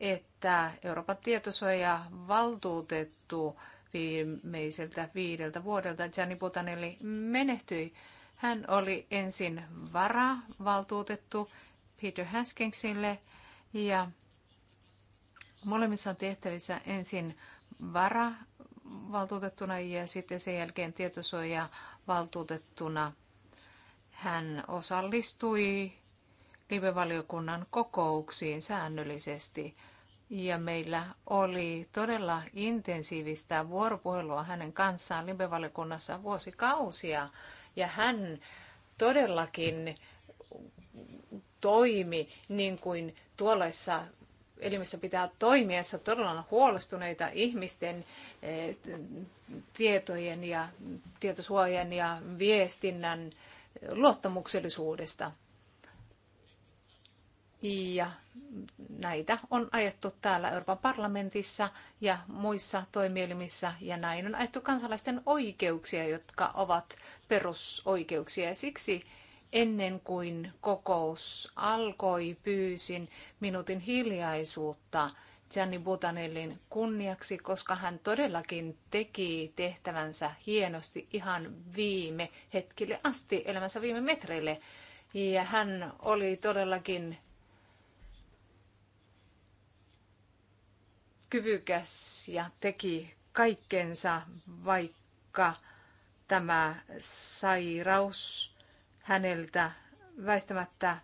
että Euroopan tietosuoja-valtuutettu viimeiseltä viideltä vuodelta Gianni Butanelli menehtyi. Hän oli ensin varavaltuutettu Peter Haskingsille ja molemmissa tehtävissä ensin varavaltuutettuna ja sitten sen jälkeen tietosuoja-valtuutettuna. Hän osallistui live-valiokunnan kokouksiin säännöllisesti. Ja meillä oli todella intensiivistä vuoropuhelua hänen kanssaan live vuosikausia. Ja hän todellakin toimi niin kuin tuollaisessa elimessä pitää toimia, jossa todella on huolestuneita ihmisten eh, tietojen ja tietosuojan ja viestinnän eh, luottamuksellisuudesta. Ja näitä on ajettu täällä Euroopan parlamentissa ja muissa toimielimissä ja näin on ajettu kansalaisten oikeuksia, jotka ovat perusoikeuksia. Ja siksi ennen kuin kokous alkoi, pyysin minuutin hiljaisuutta Gianni Butanellin kunniaksi, koska hän todellakin teki tehtävänsä hienosti ihan viime hetkille asti, elämänsä viime metreille. Ja hän oli todellakin kyvykäs ja teki kaikkensa, vaikka tämä sairaus häneltä väistämättä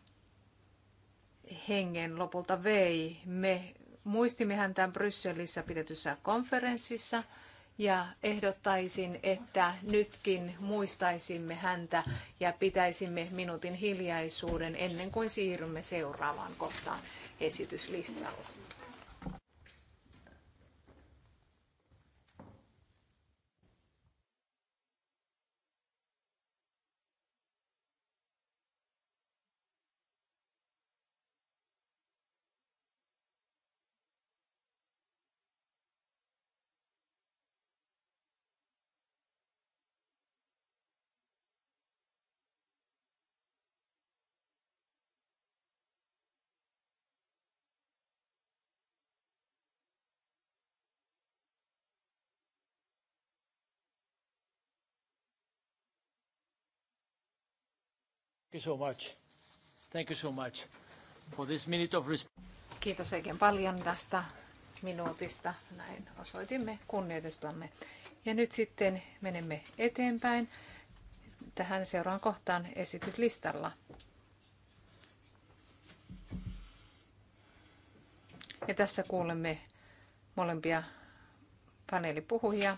hengen lopulta vei. Me muistimme häntä Brysselissä pidetyssä konferenssissa ja ehdottaisin, että nytkin muistaisimme häntä ja pitäisimme minuutin hiljaisuuden ennen kuin siirrymme seuraavaan kohtaan esityslistalla. Kiitos oikein paljon tästä minuutista. Näin osoitimme kunnioitustamme. Ja nyt sitten menemme eteenpäin tähän seuraan kohtaan esityslistalla. Ja tässä kuulemme molempia paneelipuhujia.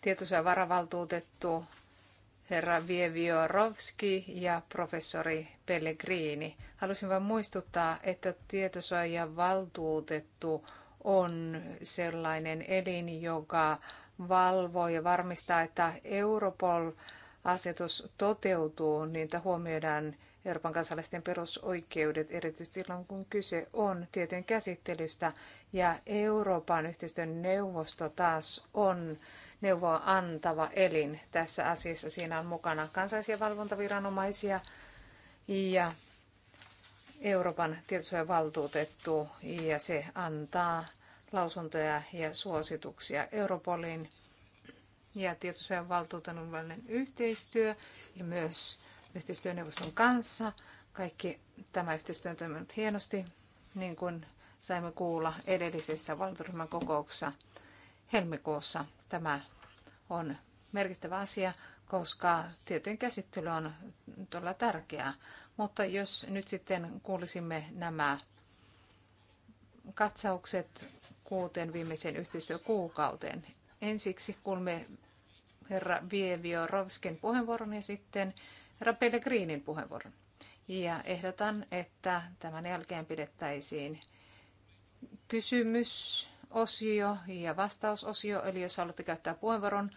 Tietosuoja-varavaltuutettu herra Rovski ja professori Pellegrini. Haluaisin vain muistuttaa, että valtuutettu on sellainen elin, joka valvoo ja varmistaa, että Europol-asetus toteutuu, niin että huomioidaan Euroopan kansalaisten perusoikeudet, erityisesti silloin kun kyse on tietojen käsittelystä. Ja Euroopan yhteistyön neuvosto taas on neuvoa antava elin tässä asiassa. Siinä on mukana kansallisia valvontaviranomaisia ja Euroopan tietosuojavaltuutettu ja se antaa lausuntoja ja suosituksia Europolin ja tietosuojavaltuutetun välinen yhteistyö ja myös yhteistyöneuvoston kanssa. Kaikki tämä yhteistyö on toiminut hienosti, niin kuin saimme kuulla edellisessä valtuuryhmän kokouksessa helmikuussa Tämä on merkittävä asia, koska tietojen käsittely on todella tärkeää. Mutta jos nyt sitten kuulisimme nämä katsaukset kuuteen viimeiseen yhteistyökuukauteen. Ensiksi kuulemme herra Vievio Rovskin puheenvuoron ja sitten herra Pellegrinin puheenvuoron. Ja ehdotan, että tämän jälkeen pidettäisiin kysymys osio ja vastausosio, eli jos haluatte käyttää puheenvuoron,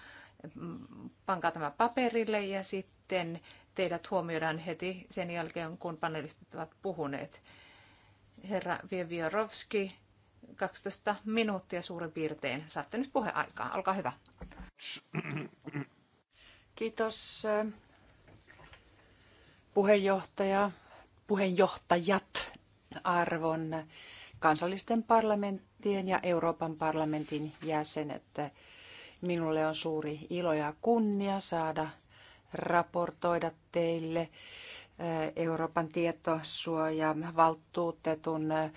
pankaa tämä paperille ja sitten teidät huomioidaan heti sen jälkeen, kun panelistit ovat puhuneet. Herra Vieviorowski, 12 minuuttia suurin piirtein. Saatte nyt puheaikaa. Olkaa hyvä. Kiitos puheenjohtaja, puheenjohtajat, arvon kansallisten parlamenttien ja Euroopan parlamentin jäsenet. Minulle on suuri ilo ja kunnia saada raportoida teille eh, Euroopan tietosuojavaltuutetun eh,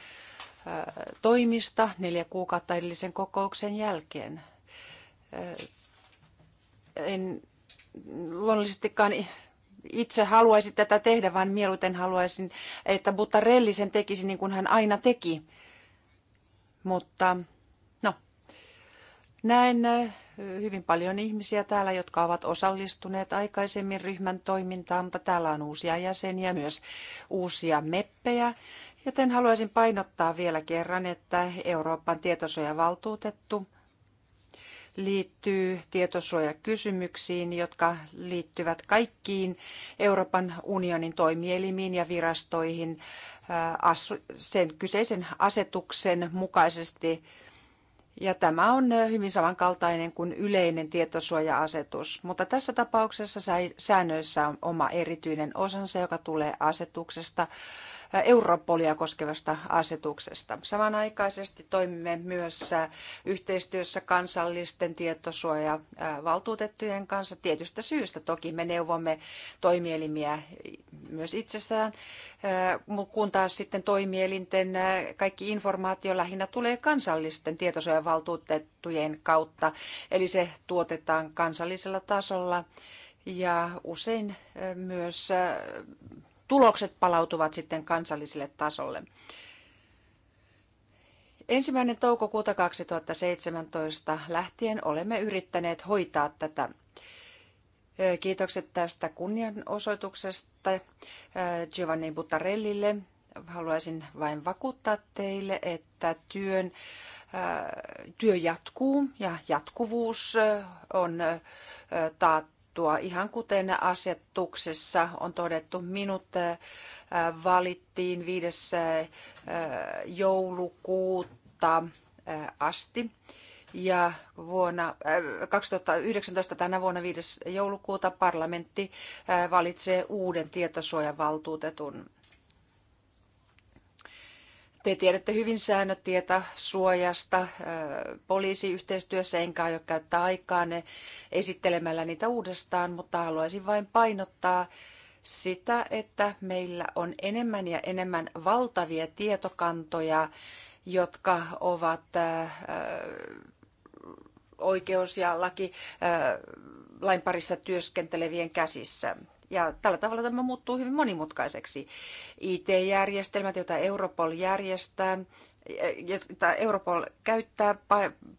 toimista neljä kuukautta edellisen kokouksen jälkeen. Eh, en luonnollisestikaan itse haluaisi tätä tehdä, vaan mieluiten haluaisin, että Buttarelli sen tekisi niin kuin hän aina teki. Mutta no, näen äh, hyvin paljon ihmisiä täällä, jotka ovat osallistuneet aikaisemmin ryhmän toimintaan, mutta täällä on uusia jäseniä, myös uusia meppejä. Joten haluaisin painottaa vielä kerran, että Euroopan tietosuojavaltuutettu – liittyy tietosuojakysymyksiin, jotka liittyvät kaikkiin Euroopan unionin toimielimiin ja virastoihin äh, sen kyseisen asetuksen mukaisesti. Ja tämä on äh, hyvin samankaltainen kuin yleinen tietosuoja-asetus, mutta tässä tapauksessa säännöissä on oma erityinen osansa, joka tulee asetuksesta Europolia koskevasta asetuksesta. Samanaikaisesti toimimme myös äh, yhteistyössä kansallisten tietosuojavaltuutettujen kanssa. Tietystä syystä toki me neuvomme toimielimiä myös itsessään, äh, kun taas sitten toimielinten äh, kaikki informaatio lähinnä tulee kansallisten tietosuojavaltuutettujen kautta, eli se tuotetaan kansallisella tasolla ja usein myös tulokset palautuvat sitten kansalliselle tasolle. Ensimmäinen toukokuuta 2017 lähtien olemme yrittäneet hoitaa tätä. Kiitokset tästä kunnianosoituksesta Giovanni Buttarellille. Haluaisin vain vakuuttaa teille, että työn, työ jatkuu ja jatkuvuus on taattu valittua. Ihan kuten asetuksessa on todettu, minut äh, valittiin 5. Äh, joulukuuta äh, asti. Ja vuonna 2019 tänä vuonna 5. joulukuuta parlamentti valitsee uuden tietosuojavaltuutetun. Te tiedätte hyvin säännöt tietä suojasta poliisiyhteistyössä, enkä aio käyttää aikaa ne esittelemällä niitä uudestaan, mutta haluaisin vain painottaa sitä, että meillä on enemmän ja enemmän valtavia tietokantoja, jotka ovat oikeus- ja laki lain parissa työskentelevien käsissä. Ja tällä tavalla tämä muuttuu hyvin monimutkaiseksi. IT-järjestelmät, joita Europol järjestää, jota Europol käyttää,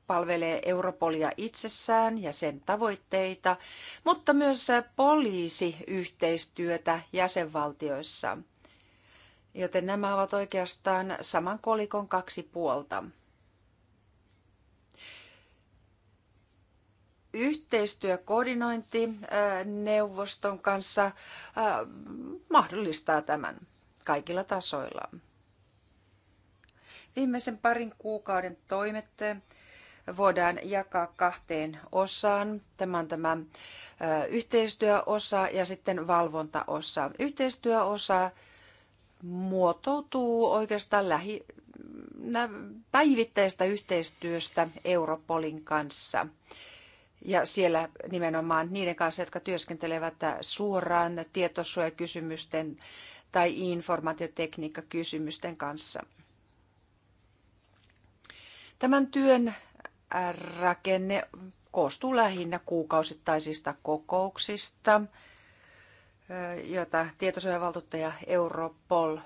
palvelee Europolia itsessään ja sen tavoitteita, mutta myös poliisiyhteistyötä jäsenvaltioissa. Joten nämä ovat oikeastaan saman kolikon kaksi puolta. yhteistyökoordinointi neuvoston kanssa mahdollistaa tämän kaikilla tasoilla. Viimeisen parin kuukauden toimet voidaan jakaa kahteen osaan. Tämä on tämä yhteistyöosa ja sitten valvontaosa. Yhteistyöosa muotoutuu oikeastaan lähi, päivittäistä yhteistyöstä Europolin kanssa ja siellä nimenomaan niiden kanssa, jotka työskentelevät suoraan tietosuojakysymysten tai informaatiotekniikkakysymysten kanssa. Tämän työn rakenne koostuu lähinnä kuukausittaisista kokouksista, joita tietosuojavaltuuttaja Europol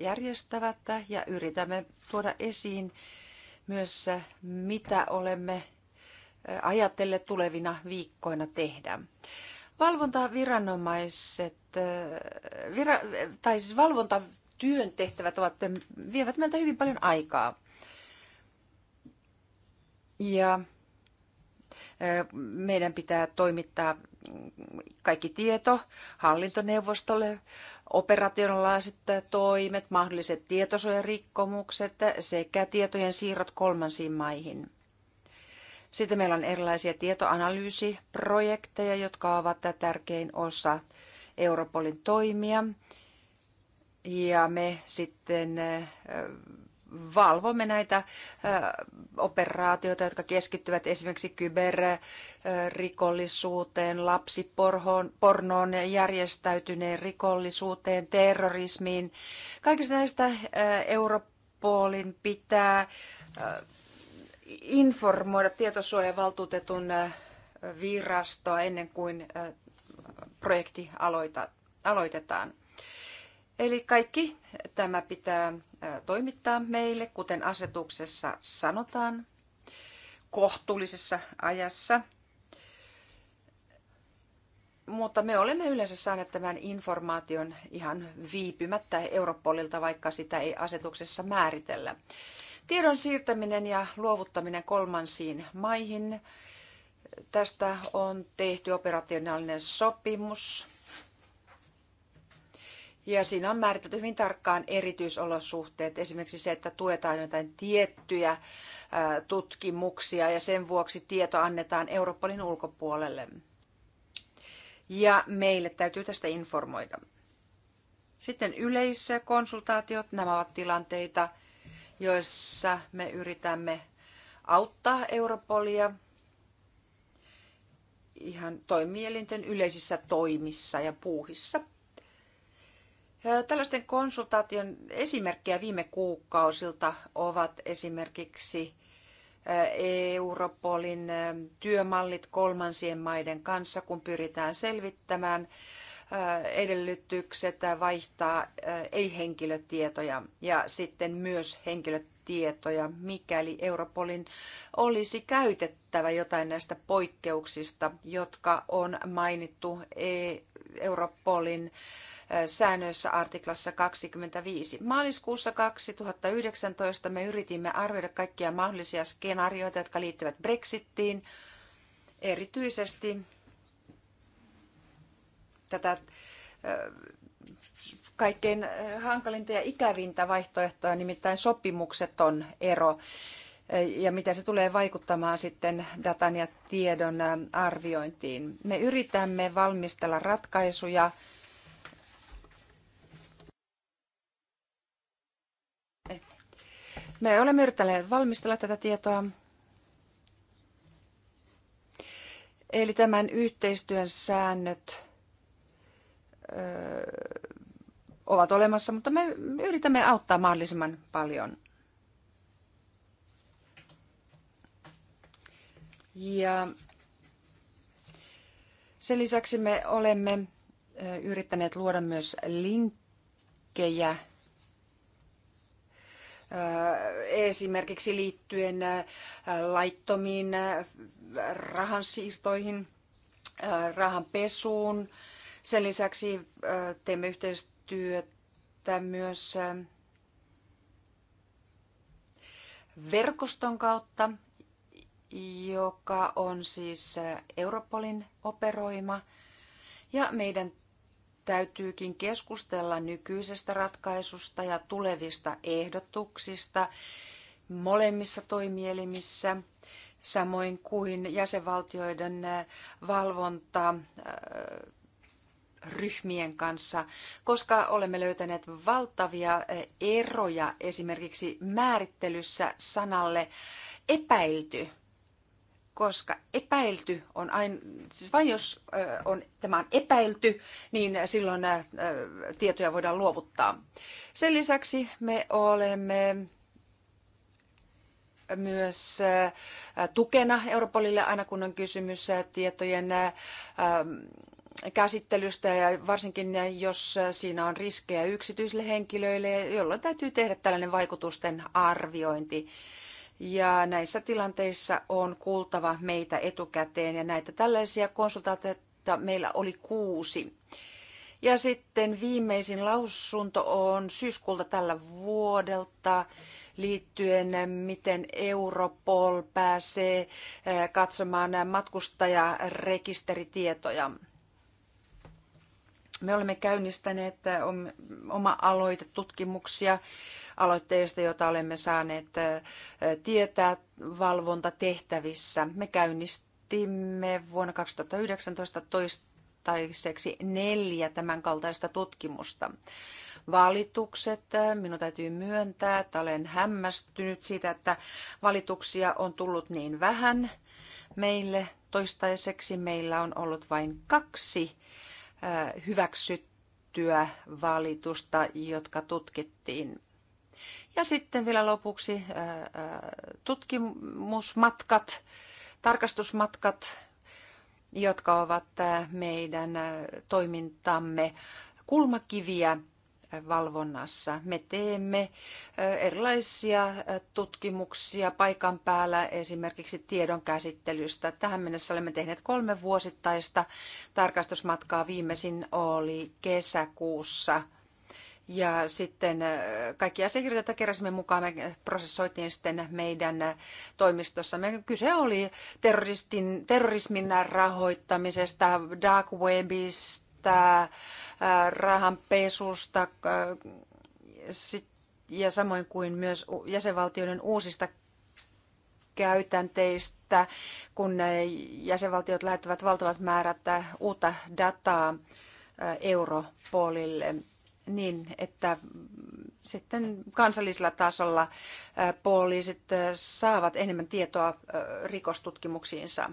järjestävät ja yritämme tuoda esiin myös, mitä olemme ajatelle tulevina viikkoina tehdä. Valvontaviranomaiset, vira, tai siis valvontatyön tehtävät ovat, vievät meiltä hyvin paljon aikaa. Ja meidän pitää toimittaa kaikki tieto hallintoneuvostolle, operationaaliset toimet, mahdolliset tietosuojarikkomukset sekä tietojen siirrot kolmansiin maihin. Sitten meillä on erilaisia tietoanalyysiprojekteja, jotka ovat tärkein osa Europolin toimia. Ja me sitten valvomme näitä operaatioita, jotka keskittyvät esimerkiksi kyberrikollisuuteen, lapsiporhoon, pornoon, järjestäytyneen rikollisuuteen, terrorismiin. Kaikista näistä Europolin pitää informoida tietosuojavaltuutetun äh, virastoa ennen kuin äh, projekti aloitetaan. Eli kaikki tämä pitää äh, toimittaa meille, kuten asetuksessa sanotaan, kohtuullisessa ajassa. Mutta me olemme yleensä saaneet tämän informaation ihan viipymättä Europolilta, vaikka sitä ei asetuksessa määritellä. Tiedon siirtäminen ja luovuttaminen kolmansiin maihin. Tästä on tehty operationaalinen sopimus. Ja siinä on määritelty hyvin tarkkaan erityisolosuhteet, esimerkiksi se, että tuetaan jotain tiettyjä tutkimuksia ja sen vuoksi tieto annetaan Europolin ulkopuolelle. Ja meille täytyy tästä informoida. Sitten yleiskonsultaatiot, nämä ovat tilanteita, joissa me yritämme auttaa Europolia ihan toimielinten yleisissä toimissa ja puuhissa. Tällaisten konsultaation esimerkkejä viime kuukausilta ovat esimerkiksi Europolin työmallit kolmansien maiden kanssa, kun pyritään selvittämään edellytykset vaihtaa ei-henkilötietoja ja sitten myös henkilötietoja, mikäli Europolin olisi käytettävä jotain näistä poikkeuksista, jotka on mainittu e, Europolin säännöissä artiklassa 25. Maaliskuussa 2019 me yritimme arvioida kaikkia mahdollisia skenaarioita, jotka liittyvät Brexittiin, erityisesti tätä kaikkein hankalinta ja ikävintä vaihtoehtoa, nimittäin sopimukseton ero ja miten se tulee vaikuttamaan sitten datan ja tiedon arviointiin. Me yritämme valmistella ratkaisuja Me olemme yrittäneet valmistella tätä tietoa. Eli tämän yhteistyön säännöt ovat olemassa, mutta me yritämme auttaa mahdollisimman paljon. Ja sen lisäksi me olemme yrittäneet luoda myös linkkejä esimerkiksi liittyen laittomiin rahansiirtoihin, rahanpesuun, sen lisäksi teemme yhteistyötä myös verkoston kautta, joka on siis Europolin operoima. Ja meidän täytyykin keskustella nykyisestä ratkaisusta ja tulevista ehdotuksista molemmissa toimielimissä, samoin kuin jäsenvaltioiden valvonta ryhmien kanssa, koska olemme löytäneet valtavia eh, eroja esimerkiksi määrittelyssä sanalle epäilty, koska epäilty on aina, siis vain jos eh, on, tämä on epäilty, niin silloin nämä eh, tietoja voidaan luovuttaa. Sen lisäksi me olemme myös tukena Europolille aina kun on kysymys tietojen käsittelystä ja varsinkin jos äh, siinä on riskejä yksityisille henkilöille, jolloin täytyy tehdä tällainen vaikutusten arviointi. Ja näissä tilanteissa on kuultava meitä etukäteen ja näitä tällaisia konsultaatioita meillä oli kuusi. Ja sitten viimeisin lausunto on syyskuulta tällä vuodelta liittyen, miten Europol pääsee äh, katsomaan matkustajarekisteritietoja. Me olemme käynnistäneet äh, oma-aloitetutkimuksia aloitteista, joita olemme saaneet äh, tietää valvontatehtävissä. Me käynnistimme vuonna 2019 toistaiseksi neljä tämän kaltaista tutkimusta. Valitukset, äh, minun täytyy myöntää, että olen hämmästynyt siitä, että valituksia on tullut niin vähän meille toistaiseksi. Meillä on ollut vain kaksi hyväksyttyä valitusta, jotka tutkittiin. Ja sitten vielä lopuksi tutkimusmatkat, tarkastusmatkat, jotka ovat meidän toimintamme kulmakiviä valvonnassa. Me teemme erilaisia tutkimuksia paikan päällä esimerkiksi tiedon käsittelystä. Tähän mennessä olemme tehneet kolme vuosittaista tarkastusmatkaa. Viimeisin oli kesäkuussa. Ja sitten kaikki asiakirjat, joita keräsimme mukaan, me prosessoitiin sitten meidän toimistossa. kyse oli terroristin, terrorismin rahoittamisesta, dark webista, tästä äh, rahanpesusta äh, ja samoin kuin myös jäsenvaltioiden uusista käytänteistä, kun jäsenvaltiot lähettävät valtavat määrät äh, uutta dataa Europolille niin, että sitten kansallisella tasolla poliisit saavat enemmän tietoa rikostutkimuksiinsa.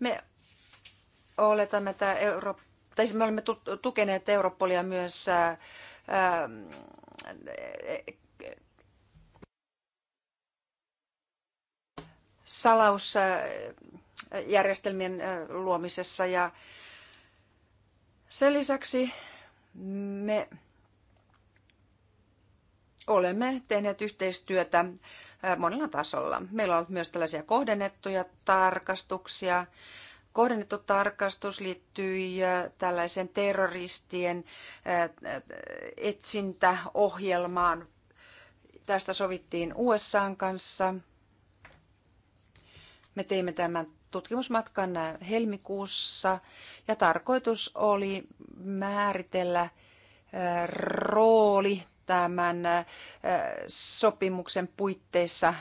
Me oletamme, että Euro- tai siis me olemme tukeneet Europolia myös ää, ää, salausjärjestelmien luomisessa ja sen lisäksi me olemme tehneet yhteistyötä monella tasolla. Meillä on ollut myös tällaisia kohdennettuja tarkastuksia Kohdennettu tarkastus liittyi äh, tällaisen terroristien äh, etsintäohjelmaan. Tästä sovittiin USAn kanssa. Me teimme tämän tutkimusmatkan äh, helmikuussa ja tarkoitus oli määritellä rooli tämän sopimuksen puitteissa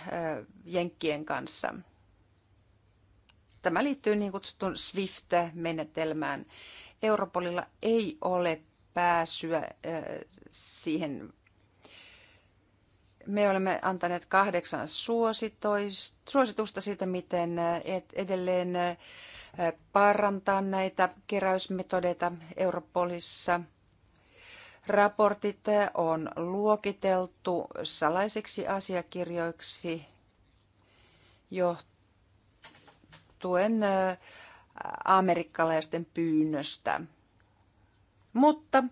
Jenkkien kanssa. Tämä liittyy niin kutsuttuun SWIFT-menetelmään. Europolilla ei ole pääsyä siihen. Me olemme antaneet kahdeksan suositusta siitä, miten edelleen parantaa näitä keräysmetodeita Europolissa. Raportit on luokiteltu salaisiksi asiakirjoiksi, johtuen amerikkalaisten pyynnöstä. Mutta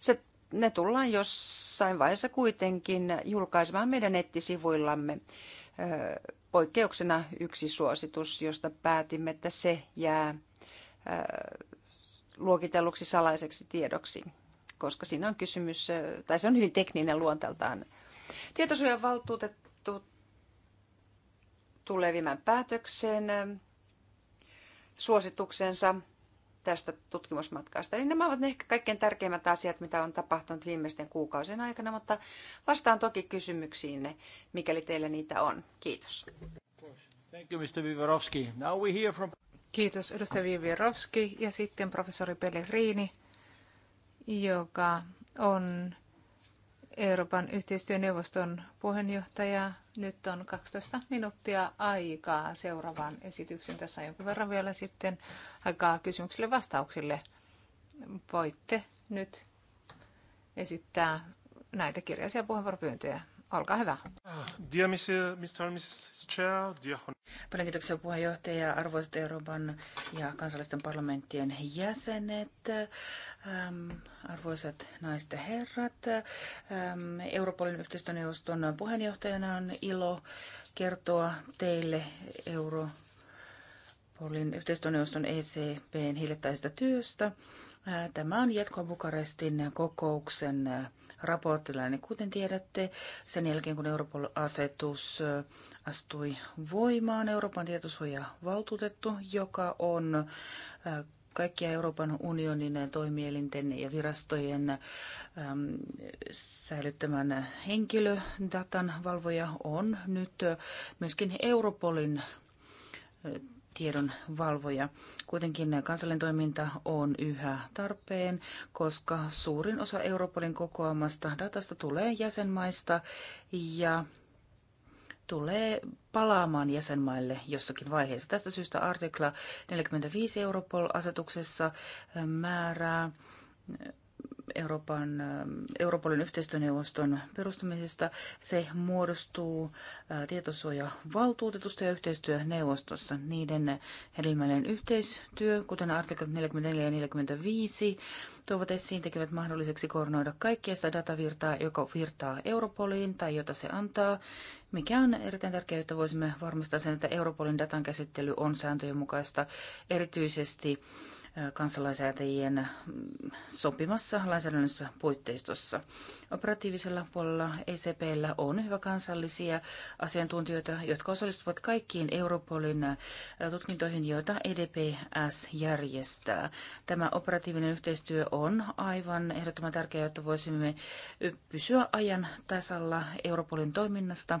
se, ne tullaan jossain vaiheessa kuitenkin julkaisemaan meidän nettisivuillamme. Poikkeuksena yksi suositus, josta päätimme, että se jää luokitelluksi salaiseksi tiedoksi, koska siinä on kysymys, tai se on hyvin tekninen luonteeltaan. Tietosuojan valtuutettu tulee päätökseen suosituksensa tästä tutkimusmatkasta. Eli nämä ovat ne ehkä kaikkein tärkeimmät asiat, mitä on tapahtunut viimeisten kuukausien aikana, mutta vastaan toki kysymyksiinne, mikäli teillä niitä on. Kiitos. Thank you, Mr. Viverovski. Now we hear from... Kiitos, edustaja Viverovski ja sitten professori Pellegrini, joka on Euroopan yhteistyöneuvoston puheenjohtaja nyt on 12 minuuttia aikaa seuraavaan esityksen Tässä on jonkun verran vielä sitten aikaa kysymyksille vastauksille. Voitte nyt esittää näitä kirjaisia puheenvuoropyyntöjä. Olkaa hyvä. Dear Mr. Mrs. Chair, dear... Paljon kiitoksia puheenjohtaja, arvoisat Euroopan ja kansallisten parlamenttien jäsenet, ähm, arvoisat naiset ja herrat. Euroopan ähm, Europolin yhteistyöneuvoston puheenjohtajana on ilo kertoa teille Europolin yhteistyöneuvoston ECPn hiljattaisesta työstä. Tämä on Jatko Bukarestin kokouksen raporttilainen. Niin kuten tiedätte, sen jälkeen kun Euroopan asetus astui voimaan, Euroopan tietosuojavaltuutettu, joka on kaikkia Euroopan unionin toimielinten ja virastojen äm, säilyttämän henkilödatan valvoja on nyt myöskin Europolin tiedon valvoja. Kuitenkin kansallinen toiminta on yhä tarpeen, koska suurin osa Europolin kokoamasta datasta tulee jäsenmaista ja tulee palaamaan jäsenmaille jossakin vaiheessa. Tästä syystä artikla 45 Europol-asetuksessa määrää Euroopan, Euroopan yhteistyöneuvoston perustamisesta. Se muodostuu tietosuojavaltuutetusta ja yhteistyöneuvostossa. Niiden hedelmällinen yhteistyö, kuten artiklat 44 ja 45, tuovat esiin tekevät mahdolliseksi koordinoida kaikkia sitä datavirtaa, joka virtaa Europoliin tai jota se antaa, mikä on erittäin tärkeää, että voisimme varmistaa sen, että Europolin datan käsittely on sääntöjen mukaista erityisesti kansalaisäätäjien mm, sopimassa lainsäädännössä puitteistossa. Operatiivisella puolella ECPllä on hyvä kansallisia asiantuntijoita, jotka osallistuvat kaikkiin Europolin tutkintoihin, joita EDPS järjestää. Tämä operatiivinen yhteistyö on aivan ehdottoman tärkeää, jotta voisimme pysyä ajan tasalla Europolin toiminnasta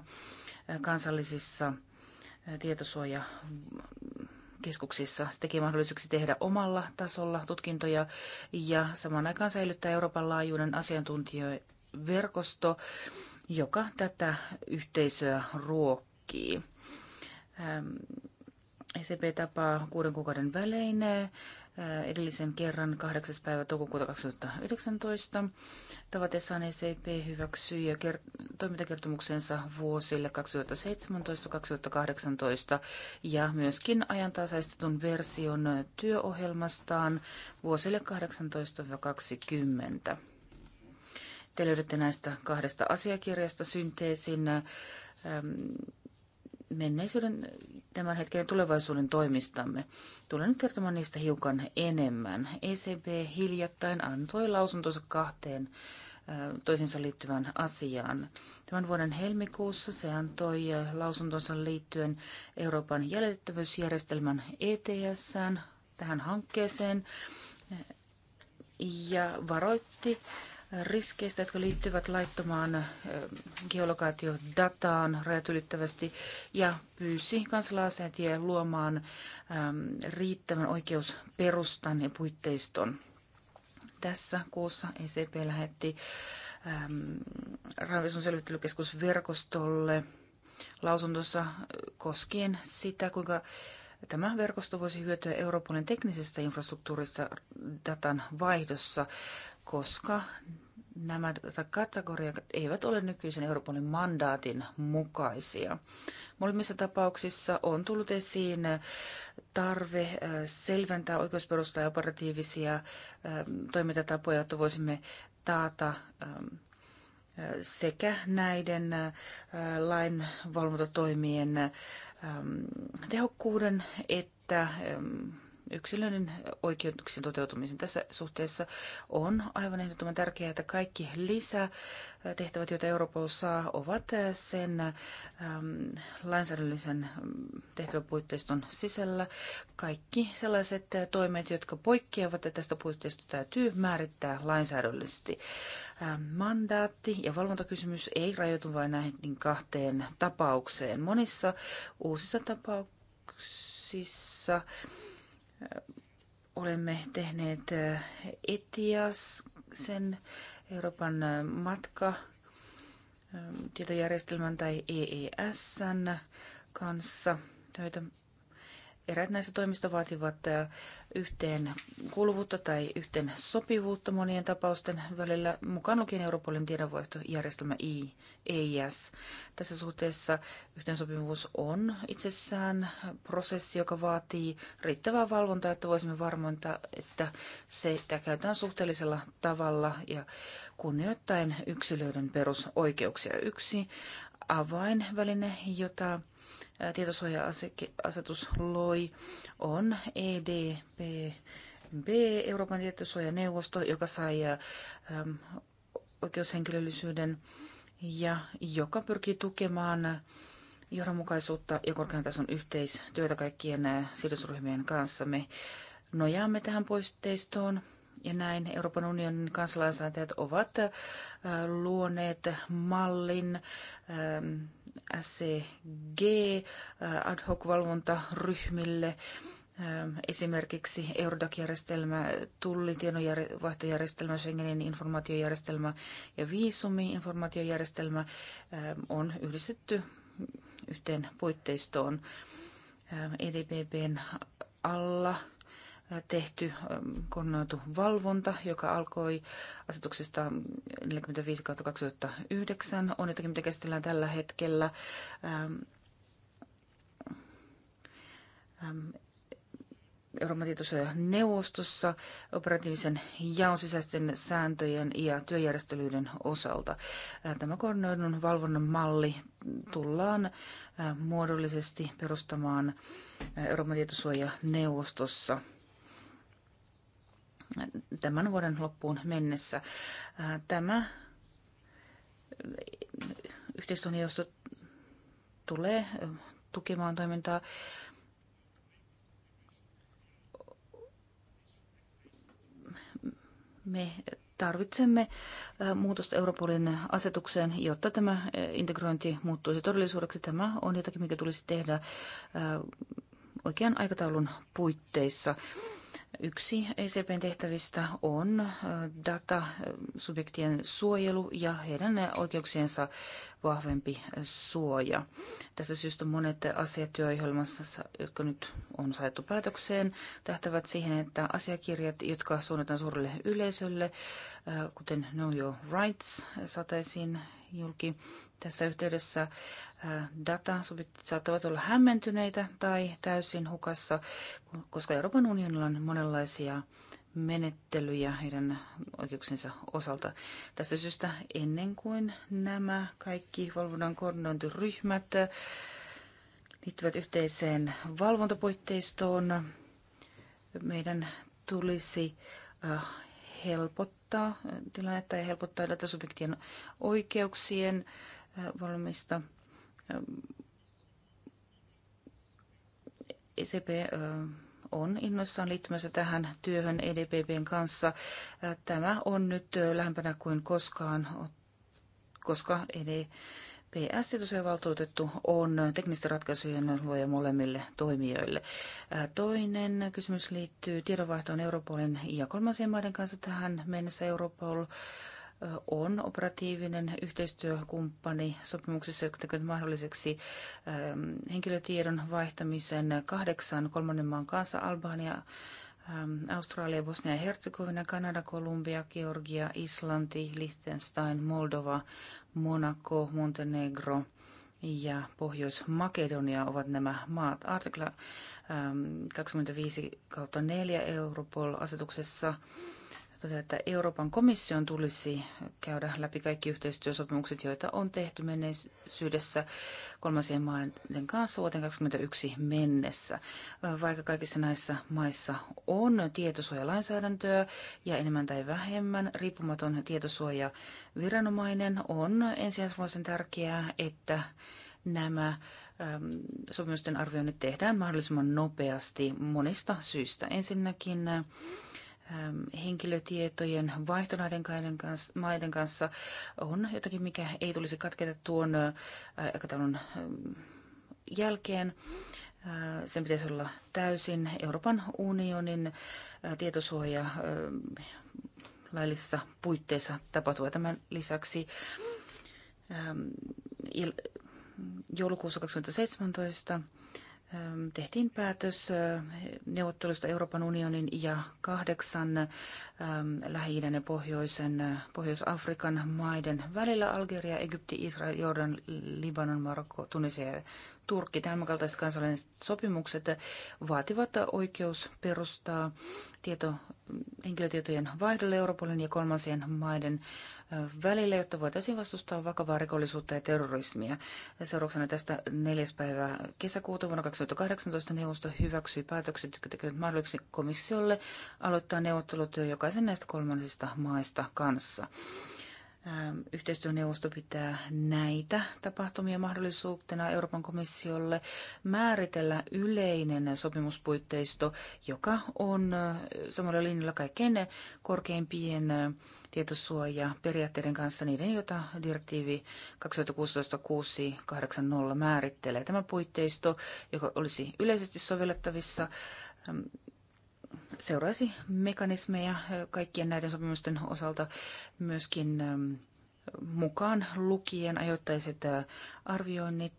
kansallisissa tietosuoja keskuksissa. Se teki mahdolliseksi tehdä omalla tasolla tutkintoja ja samaan aikaan säilyttää Euroopan laajuinen asiantuntijaverkosto, joka tätä yhteisöä ruokkii. ECP tapaa kuuden kuukauden välein edellisen kerran 8. päivä toukokuuta 2019. Tavatessaan ECP hyväksyi ja kert- toimintakertomuksensa vuosille 2017-2018 ja myöskin ajantasaistetun version työohjelmastaan vuosille 2018-2020. Te löydätte näistä kahdesta asiakirjasta synteesin menneisyyden, tämän hetken tulevaisuuden toimistamme. Tulen nyt kertomaan niistä hiukan enemmän. ECB hiljattain antoi lausuntonsa kahteen toisinsa liittyvän asiaan. Tämän vuoden helmikuussa se antoi lausuntonsa liittyen Euroopan jäljitettävyysjärjestelmän ets tähän hankkeeseen ja varoitti riskeistä, jotka liittyvät laittomaan geolokaatiodataan rajat ylittävästi ja pyysi kansalaisäätiä luomaan riittävän oikeusperustan ja puitteiston. Tässä kuussa ECP lähetti Ravisun selvittelykeskus verkostolle lausuntossa koskien sitä, kuinka Tämä verkosto voisi hyötyä Euroopan teknisestä infrastruktuurista datan vaihdossa koska nämä kategoriat eivät ole nykyisen Euroopan mandaatin mukaisia. Molemmissa tapauksissa on tullut esiin tarve äh, selventää oikeusperusta ja operatiivisia äh, toimintatapoja, jotta voisimme taata ähm, sekä näiden äh, lainvalvontatoimien ähm, tehokkuuden että ähm, yksilöiden oikeuksien toteutumisen. Tässä suhteessa on aivan ehdottoman tärkeää, että kaikki lisätehtävät, joita Europol saa, ovat sen ähm, lainsäädännöllisen ähm, tehtäväpuitteiston sisällä. Kaikki sellaiset toimet, jotka poikkeavat tästä puitteista, täytyy määrittää lainsäädännöllisesti. Ähm, mandaatti ja valvontakysymys ei rajoitu vain näihin kahteen tapaukseen. Monissa uusissa tapauksissa olemme tehneet eh, ETIAS, sen Euroopan eh, matka eh, tietojärjestelmän tai EES kanssa töitä Eräät näistä toimista vaativat yhteen kuuluvuutta tai yhteen sopivuutta monien tapausten välillä, mukaan lukien Europolin tiedonvaihtojärjestelmä EIS. Tässä suhteessa yhteen sopivuus on itsessään prosessi, joka vaatii riittävää valvontaa, että voisimme varmoita, että se että käytetään suhteellisella tavalla ja kunnioittain yksilöiden perusoikeuksia. Yksi avainväline, jota tietosuoja-asetus loi, on EDPB, Euroopan tietosuojaneuvosto, joka sai äm, oikeushenkilöllisyyden ja joka pyrkii tukemaan johdonmukaisuutta ja korkean tason yhteistyötä kaikkien sidosryhmien kanssa. Me nojaamme tähän poisteistoon ja näin Euroopan unionin kansalainsäätäjät ovat luoneet mallin SCG e ad hoc-valvontaryhmille, esimerkiksi Eurodac-järjestelmä, tullitiedonvaihtojärjestelmä, Schengenin informaatiojärjestelmä ja viisumi-informaatiojärjestelmä on yhdistetty yhteen puitteistoon EDPBn alla – tehty ähm, koordinoitu valvonta, joka alkoi asetuksesta 45-2009. On jotakin, mitä käsitellään tällä hetkellä. Ähm, ähm, Euroopan neuvostossa operatiivisen jaon sisäisten sääntöjen ja työjärjestelyiden osalta. Äh, tämä koordinoidun valvonnan malli tullaan äh, muodollisesti perustamaan äh, Euroopan neuvostossa – tämän vuoden loppuun mennessä. Tämä yhteistyöjohto tulee tukemaan toimintaa me tarvitsemme muutosta Europolin asetukseen, jotta tämä integrointi muuttuisi todellisuudeksi. Tämä on jotakin, mikä tulisi tehdä oikean aikataulun puitteissa. Yksi ECPn tehtävistä on datasubjektien suojelu ja heidän oikeuksiensa vahvempi äh, suoja. Tässä syystä monet asiat työohjelmassa, jotka nyt on saatu päätökseen, tähtävät siihen, että asiakirjat, jotka suunnataan suurelle yleisölle, äh, kuten Know Your Rights, saataisiin julki tässä yhteydessä äh, Data saattavat olla hämmentyneitä tai täysin hukassa, koska Euroopan unionilla on monenlaisia menettelyjä heidän oikeuksensa osalta. Tästä syystä ennen kuin nämä kaikki valvonnan koordinointiryhmät liittyvät yhteiseen valvontapuitteistoon, meidän tulisi äh, helpottaa tilannetta ja helpottaa datasubjektien oikeuksien äh, valmista. Ähm, ECP äh, on innoissaan liittymässä tähän työhön EDPBn kanssa. Tämä on nyt lähempänä kuin koskaan, koska EDPS, valtuutettu, on teknisten ratkaisujen luoja molemmille toimijoille. Toinen kysymys liittyy tiedonvaihtoon Europolin ja kolmansien maiden kanssa tähän mennessä Europol on operatiivinen yhteistyökumppani sopimuksessa, jotka tekevät mahdolliseksi ähm, henkilötiedon vaihtamisen kahdeksan kolmannen maan kanssa Albania, ähm, Australia, Bosnia ja Herzegovina, Kanada, Kolumbia, Georgia, Islanti, Liechtenstein, Moldova, Monaco, Montenegro ja Pohjois-Makedonia ovat nämä maat. Artikla 25 ähm, 4 Europol-asetuksessa tätä, että Euroopan komission tulisi käydä läpi kaikki yhteistyösopimukset, joita on tehty menneisyydessä kolmansien maiden kanssa vuoteen 2021 mennessä. Vaikka kaikissa näissä maissa on tietosuojalainsäädäntöä ja enemmän tai vähemmän riippumaton tietosuojaviranomainen, on ensisijaisen tärkeää, että nämä sopimusten arvioinnit tehdään mahdollisimman nopeasti monista syistä. Ensinnäkin Ähm, henkilötietojen vaihto näiden maiden kanssa on jotakin, mikä ei tulisi katketa tuon äh, aikataulun ähm, jälkeen. Äh, sen pitäisi olla täysin Euroopan unionin äh, tietosuoja ähm, laillisissa puitteissa tapahtuva. Tämän lisäksi joulukuussa 2017 Ähm, tehtiin päätös äh, neuvottelusta Euroopan unionin ja kahdeksan ähm, lähi ja pohjoisen, äh, Pohjois-Afrikan maiden välillä Algeria, Egypti, Israel, Jordan, Libanon, Marokko, Tunisia ja Turkki. Tämänkaltaiset kansainväliset sopimukset vaativat oikeus perustaa tieto, henkilötietojen vaihdolle Europolin ja kolmansien maiden välillä, jotta voitaisiin vastustaa vakavaa rikollisuutta ja terrorismia. Seurauksena tästä 4. päivää kesäkuuta vuonna 2018 neuvosto hyväksyi päätökset, jotka tekevät mahdolliseksi komissiolle aloittaa neuvottelut jokaisen näistä kolmansista maista kanssa. Ähm, yhteistyöneuvosto pitää näitä tapahtumia mahdollisuutena Euroopan komissiolle määritellä yleinen sopimuspuitteisto, joka on äh, samalla linjalla kaikkein korkeimpien äh, tietosuojaperiaatteiden kanssa niiden, joita direktiivi 2016-680 määrittelee. Tämä puitteisto, joka olisi yleisesti sovellettavissa ähm, seuraisi mekanismeja kaikkien näiden sopimusten osalta myöskin mukaan lukien ajoittaiset arvioinnit,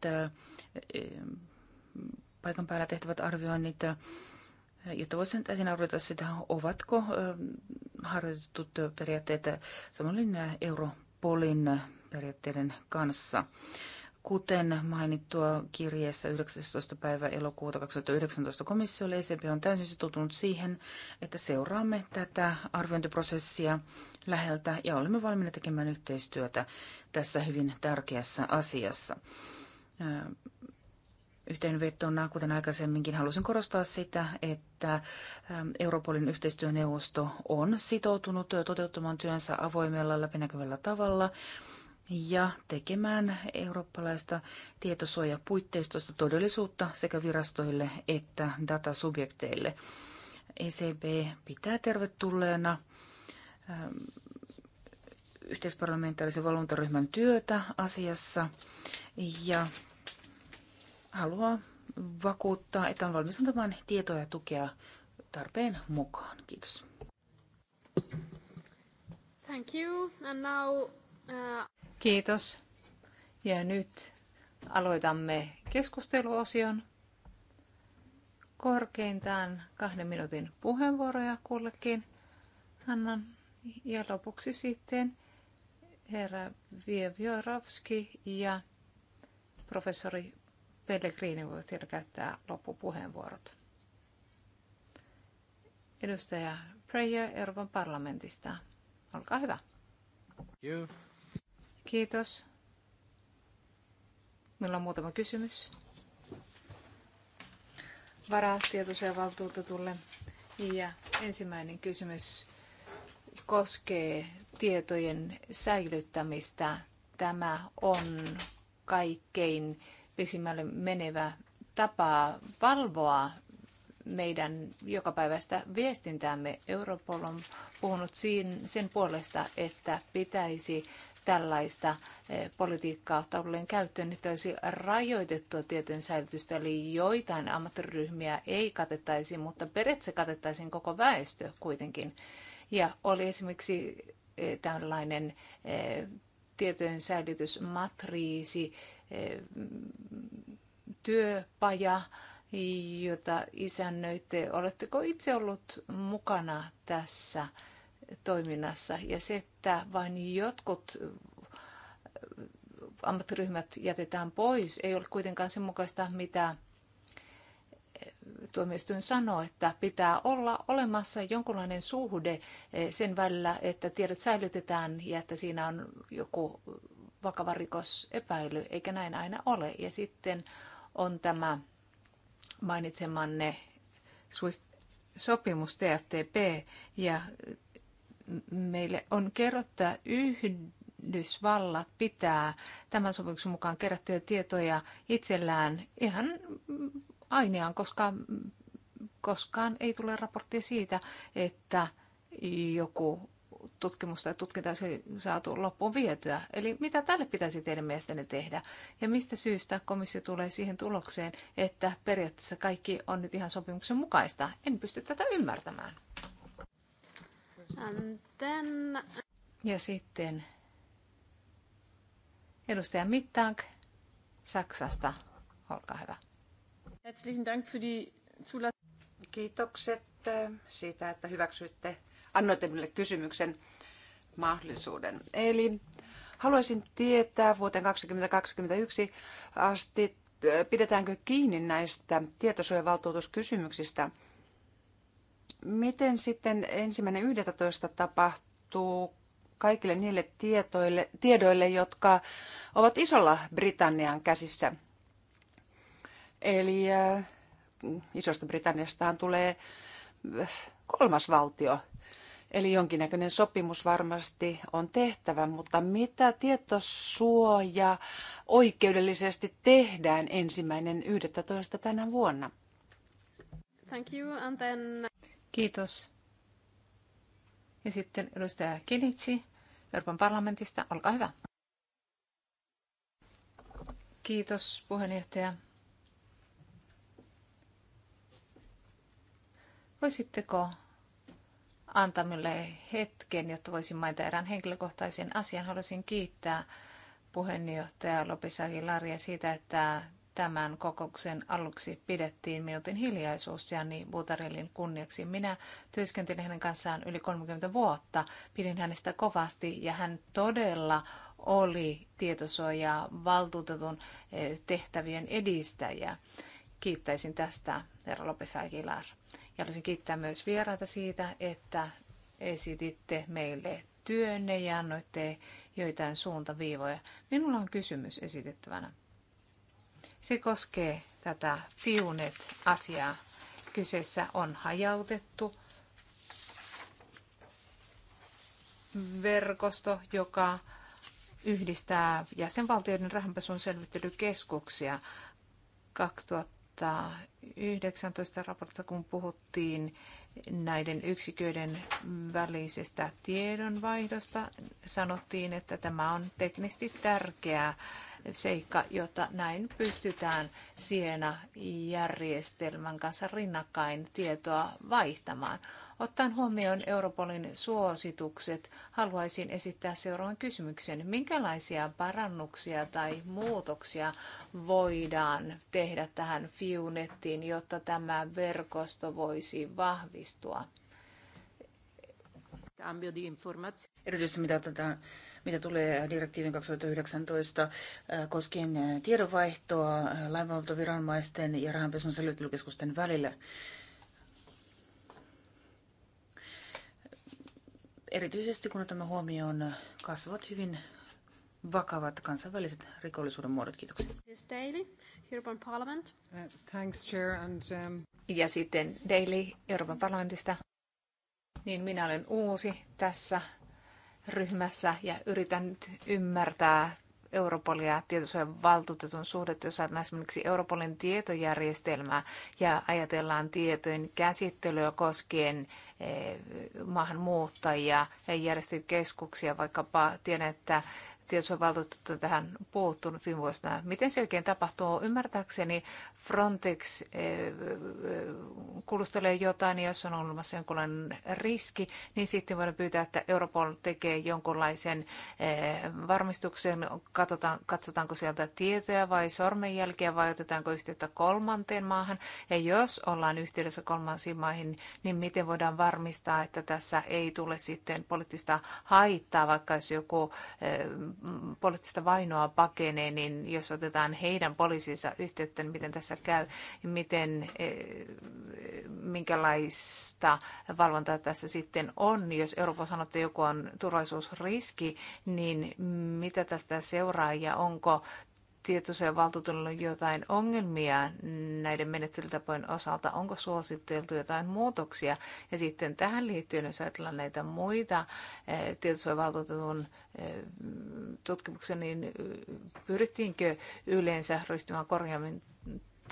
paikan päällä tehtävät arvioinnit, jotta ensin arvioida sitä, ovatko harjoitetut periaatteet samoin linjalla Europolin periaatteiden kanssa. Kuten mainittua kirjeessä 19. päivä elokuuta 2019 komissiolle, ECB on täysin sitoutunut siihen, että seuraamme tätä arviointiprosessia läheltä ja olemme valmiina tekemään yhteistyötä tässä hyvin tärkeässä asiassa. Yhteenvetona, kuten aikaisemminkin, halusin korostaa sitä, että ähm, Europolin yhteistyöneuvosto on sitoutunut toteuttamaan työnsä avoimella läpinäkyvällä tavalla – ja tekemään eurooppalaista tietosuojapuitteistosta todellisuutta sekä virastoille että datasubjekteille. ECB pitää tervetulleena ähm, yhteisparlamentaarisen valvontaryhmän työtä asiassa ja haluaa vakuuttaa, että on valmis antamaan tietoa ja tukea tarpeen mukaan. Kiitos. Thank you. And now, uh... Kiitos. Ja nyt aloitamme keskusteluosion. Korkeintaan kahden minuutin puheenvuoroja kullekin. Annan ja lopuksi sitten herra Vievjorovski ja professori Pellegrini voivat vielä käyttää loppupuheenvuorot. Edustaja Preyer Euroopan parlamentista. Olkaa hyvä. Kiitos. Kiitos. Meillä on muutama kysymys valtuutetulle. Ja ensimmäinen kysymys koskee tietojen säilyttämistä. Tämä on kaikkein pisimmälle menevä tapa valvoa meidän jokapäiväistä viestintäämme. Europol on puhunut sen puolesta, että pitäisi tällaista eh, politiikkaa ottaa käyttöön, niin olisi rajoitettua tietojen säilytystä, eli joitain ammattiryhmiä ei katettaisi, mutta periaatteessa katettaisiin koko väestö kuitenkin. Ja oli esimerkiksi eh, tällainen eh, tietojen säilytysmatriisi, työpaja, jota isännöitte. Oletteko itse ollut mukana tässä toiminnassa. Ja se, että vain jotkut ammattiryhmät jätetään pois, ei ole kuitenkaan sen mukaista, mitä tuomioistuin sanoo, että pitää olla olemassa jonkunlainen suhde sen välillä, että tiedot säilytetään ja että siinä on joku vakava rikosepäily, eikä näin aina ole. Ja sitten on tämä mainitsemanne Swift sopimus TFTP ja meille on kerrottu, että Yhdysvallat pitää tämän sopimuksen mukaan kerättyjä tietoja itsellään ihan aineaan, koska koskaan ei tule raporttia siitä, että joku tutkimusta tai tutkinta olisi saatu loppuun vietyä. Eli mitä tälle pitäisi teidän mielestänne tehdä? Ja mistä syystä komissio tulee siihen tulokseen, että periaatteessa kaikki on nyt ihan sopimuksen mukaista? En pysty tätä ymmärtämään. And then... Ja sitten edustaja Mittag Saksasta. Olkaa hyvä. Kiitokset äh, siitä, että hyväksyitte, annoitte minulle kysymyksen mahdollisuuden. Eli haluaisin tietää vuoteen 2021 asti, äh, pidetäänkö kiinni näistä tietosuojavaltuutuskysymyksistä – Miten sitten ensimmäinen 11. tapahtuu kaikille niille tietoille, tiedoille, jotka ovat isolla Britannian käsissä? Eli äh, isosta Britanniastaan tulee äh, kolmas valtio, Eli jonkinnäköinen sopimus varmasti on tehtävä, mutta mitä tietosuoja oikeudellisesti tehdään ensimmäinen 11. tänä vuonna? Thank you, and then... Kiitos. Ja sitten edustaja Kinitsi Euroopan parlamentista. Olkaa hyvä. Kiitos puheenjohtaja. Voisitteko antaa minulle hetken, jotta voisin mainita erään henkilökohtaisen asian. Haluaisin kiittää puheenjohtaja Lopis Aguilaria siitä, että tämän kokouksen aluksi pidettiin minuutin hiljaisuus Jani niin Butarelin kunniaksi. Minä työskentelin hänen kanssaan yli 30 vuotta, pidin hänestä kovasti ja hän todella oli tietosuojaa valtuutetun eh, tehtävien edistäjä. Kiittäisin tästä, herra Lopes Aguilar. Ja haluaisin kiittää myös vieraita siitä, että esititte meille työnne ja annoitte joitain suuntaviivoja. Minulla on kysymys esitettävänä. Se koskee tätä Fiunet-asiaa. Kyseessä on hajautettu verkosto, joka yhdistää jäsenvaltioiden rahanpesun selvittelykeskuksia. 2019 raportissa, kun puhuttiin näiden yksiköiden välisestä tiedonvaihdosta, sanottiin, että tämä on teknisesti tärkeää seikka, jotta näin pystytään Siena-järjestelmän kanssa rinnakkain tietoa vaihtamaan. Ottaen huomioon Europolin suositukset, haluaisin esittää seuraavan kysymyksen. Minkälaisia parannuksia tai muutoksia voidaan tehdä tähän Fiunettiin, jotta tämä verkosto voisi vahvistua? Erityisesti mitä otetaan mitä tulee direktiivin 2019 äh, koskien äh, tiedonvaihtoa äh, lainvalvontaviranomaisten ja rahanpesun selvittelykeskusten välillä. Erityisesti kun otamme huomioon kasvavat hyvin vakavat kansainväliset rikollisuuden muodot. Kiitoksia. This daily, Euroopan Parliament. Uh, thanks, Chair. And, um... Ja sitten Daily Euroopan parlamentista. Niin minä olen uusi tässä ryhmässä ja yritän nyt ymmärtää Europolia ja tietosuojan valtuutetun suhdet, jos ajatellaan esimerkiksi Europolin tietojärjestelmää ja ajatellaan tietojen käsittelyä koskien eh, maahanmuuttajia ja järjestökeskuksia, vaikkapa tiedän, että valtuutettu on tähän puuttunut viime vuosina. Miten se oikein tapahtuu? Ymmärtääkseni Frontex eh, eh, kulustelee jotain, ja jos on olemassa jonkinlainen riski, niin sitten voidaan pyytää, että Europol tekee jonkunlaisen eh, varmistuksen, katsotaan, katsotaanko sieltä tietoja vai sormenjälkiä vai otetaanko yhteyttä kolmanteen maahan. Ja jos ollaan yhteydessä kolmansiin maihin, niin miten voidaan varmistaa, että tässä ei tule sitten poliittista haittaa, vaikka jos joku poliittista vainoa pakenee, niin jos otetaan heidän poliisinsa yhteyttä, niin miten tässä tässä käy, miten, eh, minkälaista valvontaa tässä sitten on. Jos Euroopan sanoo, että joku on turvallisuusriski, niin mitä tästä seuraa ja onko tietosuojan valtuutunnolla jotain ongelmia näiden menettelytapojen osalta? Onko suositeltu jotain muutoksia? Ja sitten tähän liittyen, jos ajatellaan näitä muita eh, tietosuojavaltuutetun eh, tutkimuksia, niin pyrittiinkö yleensä ryhtymään korjaamaan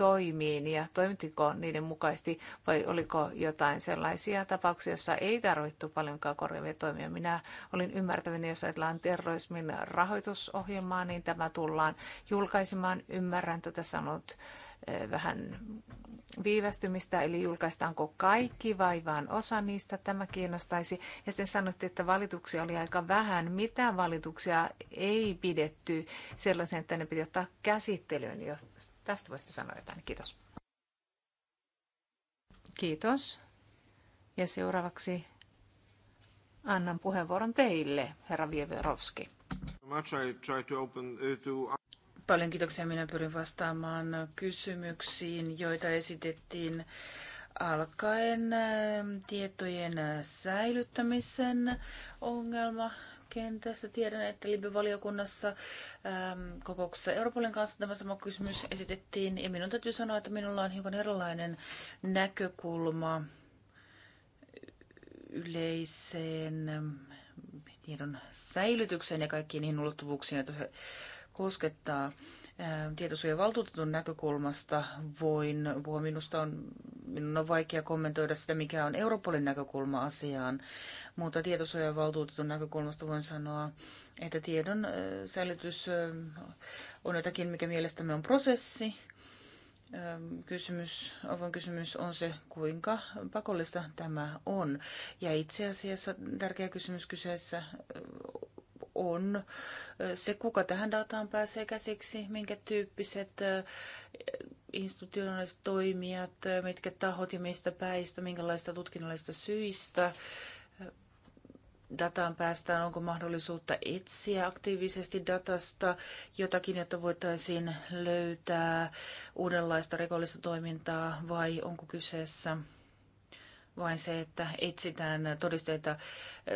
toimiin ja toimitiko niiden mukaisesti vai oliko jotain sellaisia tapauksia, joissa ei tarvittu paljonkaan korjaavia toimia. Minä olin ymmärtävinä, jos ajatellaan terrorismin rahoitusohjelmaa, niin tämä tullaan julkaisemaan. Ymmärrän, että tässä on ollut eh, vähän viivästymistä, eli julkaistaanko kaikki vai vain osa niistä, tämä kiinnostaisi. Ja sitten sanottiin, että valituksia oli aika vähän. Mitä valituksia ei pidetty sellaisen, että ne piti ottaa käsittelyyn, jos Tästä voisitte sanoa jotain. Kiitos. Kiitos. Ja seuraavaksi annan puheenvuoron teille, herra Vieverovski. Uh, Paljon kiitoksia. Minä pyrin vastaamaan kysymyksiin, joita esitettiin alkaen äh, tietojen säilyttämisen ongelma kentässä. Tiedän, että libby valiokunnassa ähm, kokouksessa Europolin kanssa tämä sama kysymys esitettiin, ja minun täytyy sanoa, että minulla on hiukan erilainen näkökulma yleiseen ähm, tiedon säilytykseen ja kaikkiin niihin ulottuvuuksiin, joita se koskettaa tietosuojavaltuutetun näkökulmasta voin puhua. Minusta on, minun on vaikea kommentoida sitä, mikä on Europolin näkökulma asiaan, mutta tietosuojavaltuutetun näkökulmasta voin sanoa, että tiedon säilytys on jotakin, mikä mielestämme on prosessi. Kysymys, avoin kysymys on se, kuinka pakollista tämä on. Ja itse asiassa tärkeä kysymys kyseessä on se, kuka tähän dataan pääsee käsiksi, minkä tyyppiset institutionaaliset toimijat, mitkä tahot ja mistä päistä, minkälaista tutkinnallisista syistä dataan päästään, onko mahdollisuutta etsiä aktiivisesti datasta jotakin, jotta voitaisiin löytää uudenlaista rikollista toimintaa vai onko kyseessä vain se, että etsitään todisteita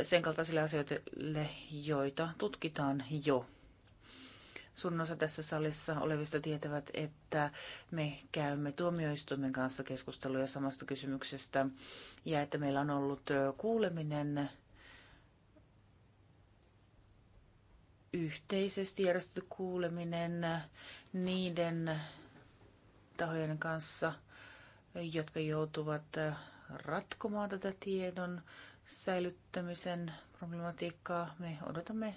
sen kaltaisille asioille, joita tutkitaan jo. Sun osa tässä salissa olevista tietävät, että me käymme tuomioistuimen kanssa keskusteluja samasta kysymyksestä ja että meillä on ollut kuuleminen yhteisesti järjestetty kuuleminen niiden tahojen kanssa, jotka joutuvat ratkomaan tätä tiedon säilyttämisen problematiikkaa. Me odotamme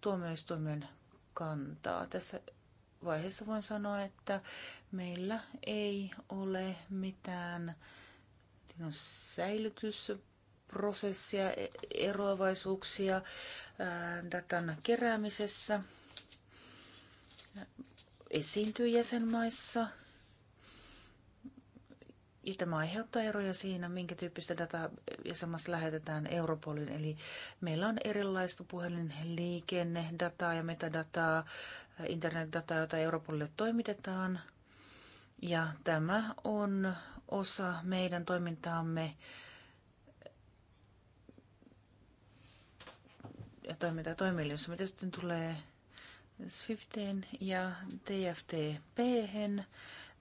tuomioistuimen kantaa. Tässä vaiheessa voin sanoa, että meillä ei ole mitään säilytysprosessia, e- eroavaisuuksia datan keräämisessä. Esiintyy jäsenmaissa ja tämä aiheuttaa eroja siinä, minkä tyyppistä dataa ja samassa lähetetään Europolin. Eli meillä on erilaista puhelinliikennedataa ja metadataa, internetdataa, jota Europolille toimitetaan. Ja tämä on osa meidän toimintaamme ja toimintaa toimielijössä. Mitä sitten tulee Swiftiin ja TFTP, hen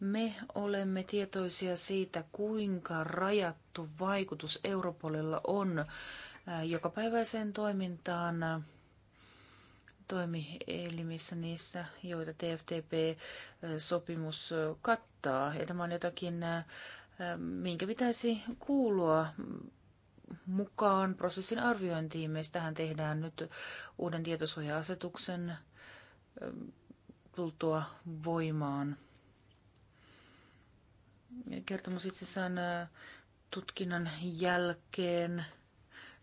me olemme tietoisia siitä, kuinka rajattu vaikutus Europolilla on äh, jokapäiväiseen toimintaan toimielimissä niissä, joita TFTP-sopimus äh, äh, kattaa. Ja tämä on jotakin, minkä pitäisi kuulua mukaan prosessin arviointiin. Meistähän tehdään nyt uuden tietosuoja-asetuksen tultua voimaan kertomus itsessään äh, tutkinnan jälkeen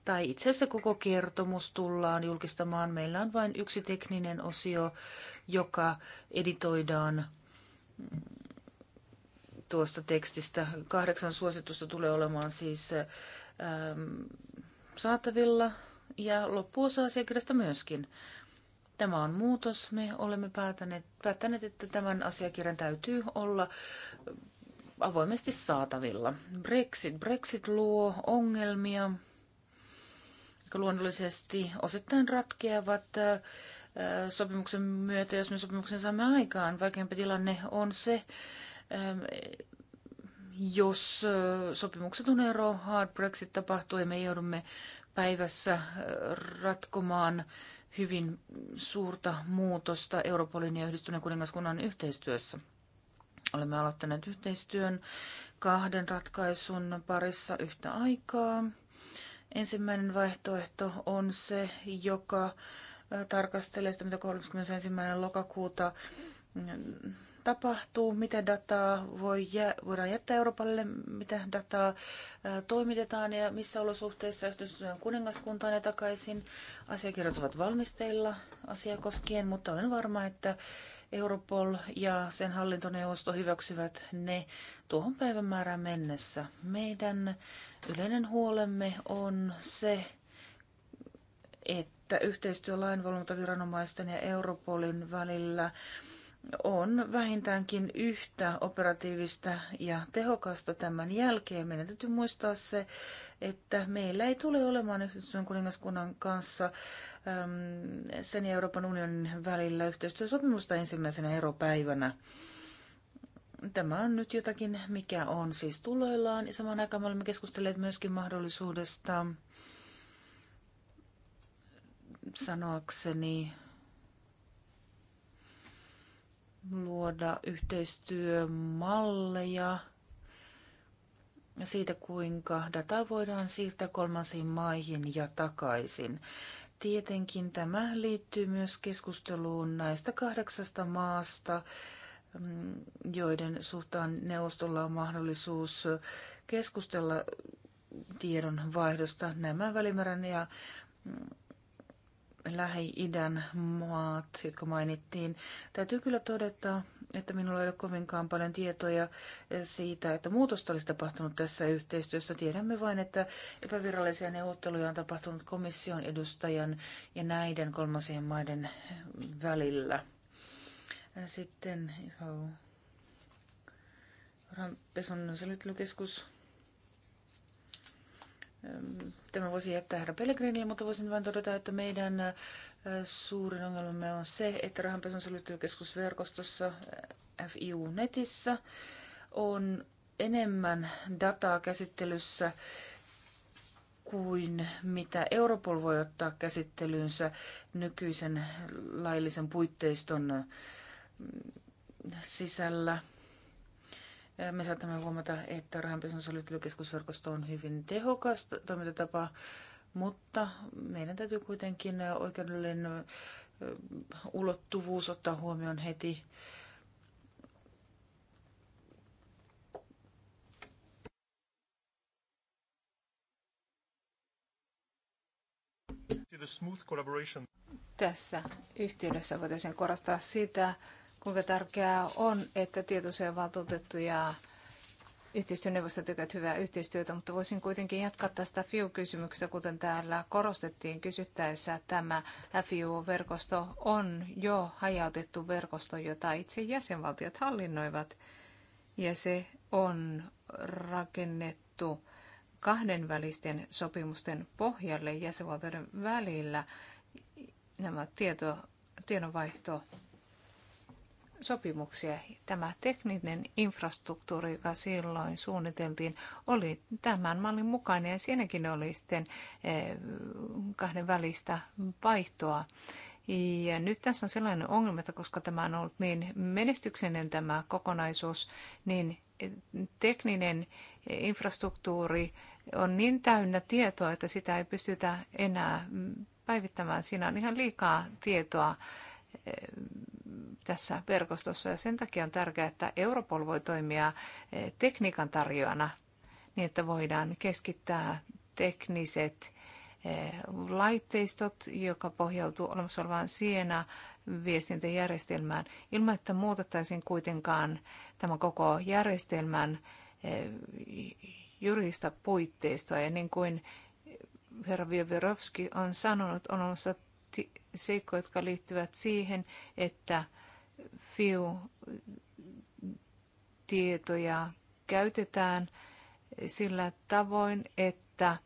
tai itse asiassa koko kertomus tullaan julkistamaan. Meillä on vain yksi tekninen osio, joka editoidaan mm, tuosta tekstistä. Kahdeksan suositusta tulee olemaan siis ähm, saatavilla ja loppuosa asiakirjasta myöskin. Tämä on muutos. Me olemme päättäneet, päättäneet, että tämän asiakirjan täytyy olla avoimesti saatavilla. Brexit. Brexit luo ongelmia, jotka luonnollisesti osittain ratkeavat äh, sopimuksen myötä, jos me sopimuksen saamme aikaan. Vaikeampi tilanne on se, ähm, jos äh, on ero hard Brexit tapahtuu ja me joudumme päivässä äh, ratkomaan hyvin suurta muutosta Euroopan ja yhdistyneen kuningaskunnan yhteistyössä. Olemme aloittaneet yhteistyön kahden ratkaisun parissa yhtä aikaa. Ensimmäinen vaihtoehto on se, joka tarkastelee sitä, mitä 31. lokakuuta mm, tapahtuu, mitä dataa voi jä, voidaan jättää Euroopalle, mitä dataa ää, toimitetaan ja missä olosuhteissa yhteistyön kuningaskuntaan ja takaisin. Asiakirjat ovat valmisteilla asiakoskien, mutta olen varma, että Europol ja sen hallintoneuvosto hyväksyvät ne tuohon päivämäärään mennessä. Meidän yleinen huolemme on se, että yhteistyö lainvalvontaviranomaisten ja Europolin välillä on vähintäänkin yhtä operatiivista ja tehokasta tämän jälkeen. Meidän täytyy muistaa se, että meillä ei tule olemaan yhteistyön kuningaskunnan kanssa äm, sen ja Euroopan unionin välillä yhteistyösopimusta ensimmäisenä eropäivänä. Tämä on nyt jotakin, mikä on siis tuloillaan. samaan aikaan me olemme keskustelleet myöskin mahdollisuudesta sanoakseni luoda yhteistyömalleja – siitä, kuinka dataa voidaan siirtää kolmansiin maihin ja takaisin. Tietenkin tämä liittyy myös keskusteluun näistä kahdeksasta maasta, mm, joiden suhtaan neuvostolla on mahdollisuus keskustella tiedon vaihdosta. Nämä Välimeren ja mm, Lähi-idän maat, jotka mainittiin. Täytyy kyllä todeta, että minulla ei ole kovinkaan paljon tietoja siitä, että muutosta olisi tapahtunut tässä yhteistyössä. Tiedämme vain, että epävirallisia neuvotteluja on tapahtunut komission edustajan ja näiden kolmasien maiden välillä. Sitten Rampeson selvittelykeskus. Tämä voisi jättää herra Pellegrinille, mutta voisin vain todeta, että meidän Suurin ongelmamme on se, että rahanpesun selvittelykeskusverkostossa eh, FIU-netissä on enemmän dataa käsittelyssä kuin mitä Europol voi ottaa käsittelyynsä nykyisen laillisen puitteiston mm, sisällä. Me saatamme huomata, että rahanpesun selvittelykeskusverkosto on hyvin tehokas toimintatapa mutta meidän täytyy kuitenkin oikeudellinen ulottuvuus ottaa huomioon heti. Tässä yhteydessä voitaisiin korostaa sitä, kuinka tärkeää on, että tietosuojavaltuutettu ja yhteistyöneuvostot tekevät hyvää yhteistyötä, mutta voisin kuitenkin jatkaa tästä FIU-kysymyksestä, kuten täällä korostettiin kysyttäessä. Tämä FIU-verkosto on jo hajautettu verkosto, jota itse jäsenvaltiot hallinnoivat, ja se on rakennettu kahdenvälisten sopimusten pohjalle jäsenvaltioiden välillä. Nämä tieto, tiedonvaihto sopimuksia. Tämä tekninen infrastruktuuri, joka silloin suunniteltiin, oli tämän mallin mukainen ja siinäkin oli sitten eh, kahden välistä vaihtoa. Ja nyt tässä on sellainen ongelma, että koska tämä on ollut niin menestyksinen tämä kokonaisuus, niin eh, tekninen eh, infrastruktuuri on niin täynnä tietoa, että sitä ei pystytä enää mm, päivittämään. Siinä on ihan liikaa tietoa Eh, tässä verkostossa ja sen takia on tärkeää, että Europol voi toimia eh, tekniikan tarjoajana niin, että voidaan keskittää tekniset eh, laitteistot, joka pohjautuu olemassa olevaan siena viestintäjärjestelmään, ilman että muutettaisiin kuitenkaan tämän koko järjestelmän juridista puitteistoa. Ja niin kuin herra Vieverovski on sanonut, on olemassa seikkoja, jotka liittyvät siihen, että FIU-tietoja käytetään sillä tavoin, että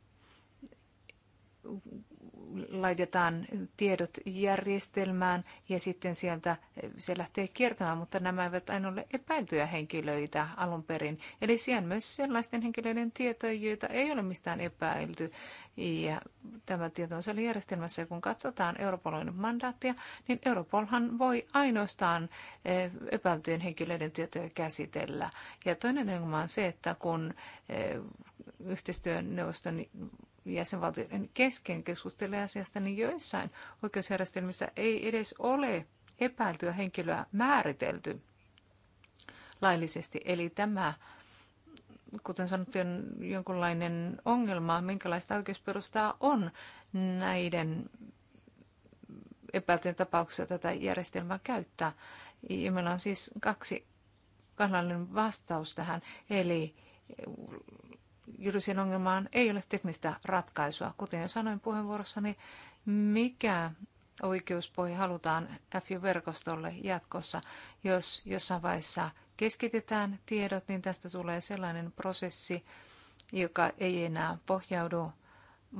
laitetaan tiedot järjestelmään ja sitten sieltä eh, se lähtee kiertämään, mutta nämä eivät aina ole epäiltyjä henkilöitä alun perin. Eli siellä myös sellaisten henkilöiden tietoja, joita ei ole mistään epäilty. Ja tämä tieto on siellä järjestelmässä, ja kun katsotaan Europolin mandaattia, niin Europolhan voi ainoastaan eh, epäiltyjen henkilöiden tietoja käsitellä. Ja toinen ongelma on se, että kun eh, yhteistyöneuvoston jäsenvaltioiden kesken keskustelee asiasta, niin joissain oikeusjärjestelmissä ei edes ole epäiltyä henkilöä määritelty laillisesti. Eli tämä, kuten sanottiin on jonkunlainen ongelma, minkälaista oikeusperustaa on näiden epäiltyjen tapauksessa tätä järjestelmää käyttää. Ja meillä on siis kaksi kahdellinen vastaus tähän, eli juridisen ongelmaan ei ole teknistä ratkaisua. Kuten sanoin puheenvuorossani, mikä oikeuspohja halutaan FU-verkostolle jatkossa, jos jossain vaiheessa keskitetään tiedot, niin tästä tulee sellainen prosessi, joka ei enää pohjaudu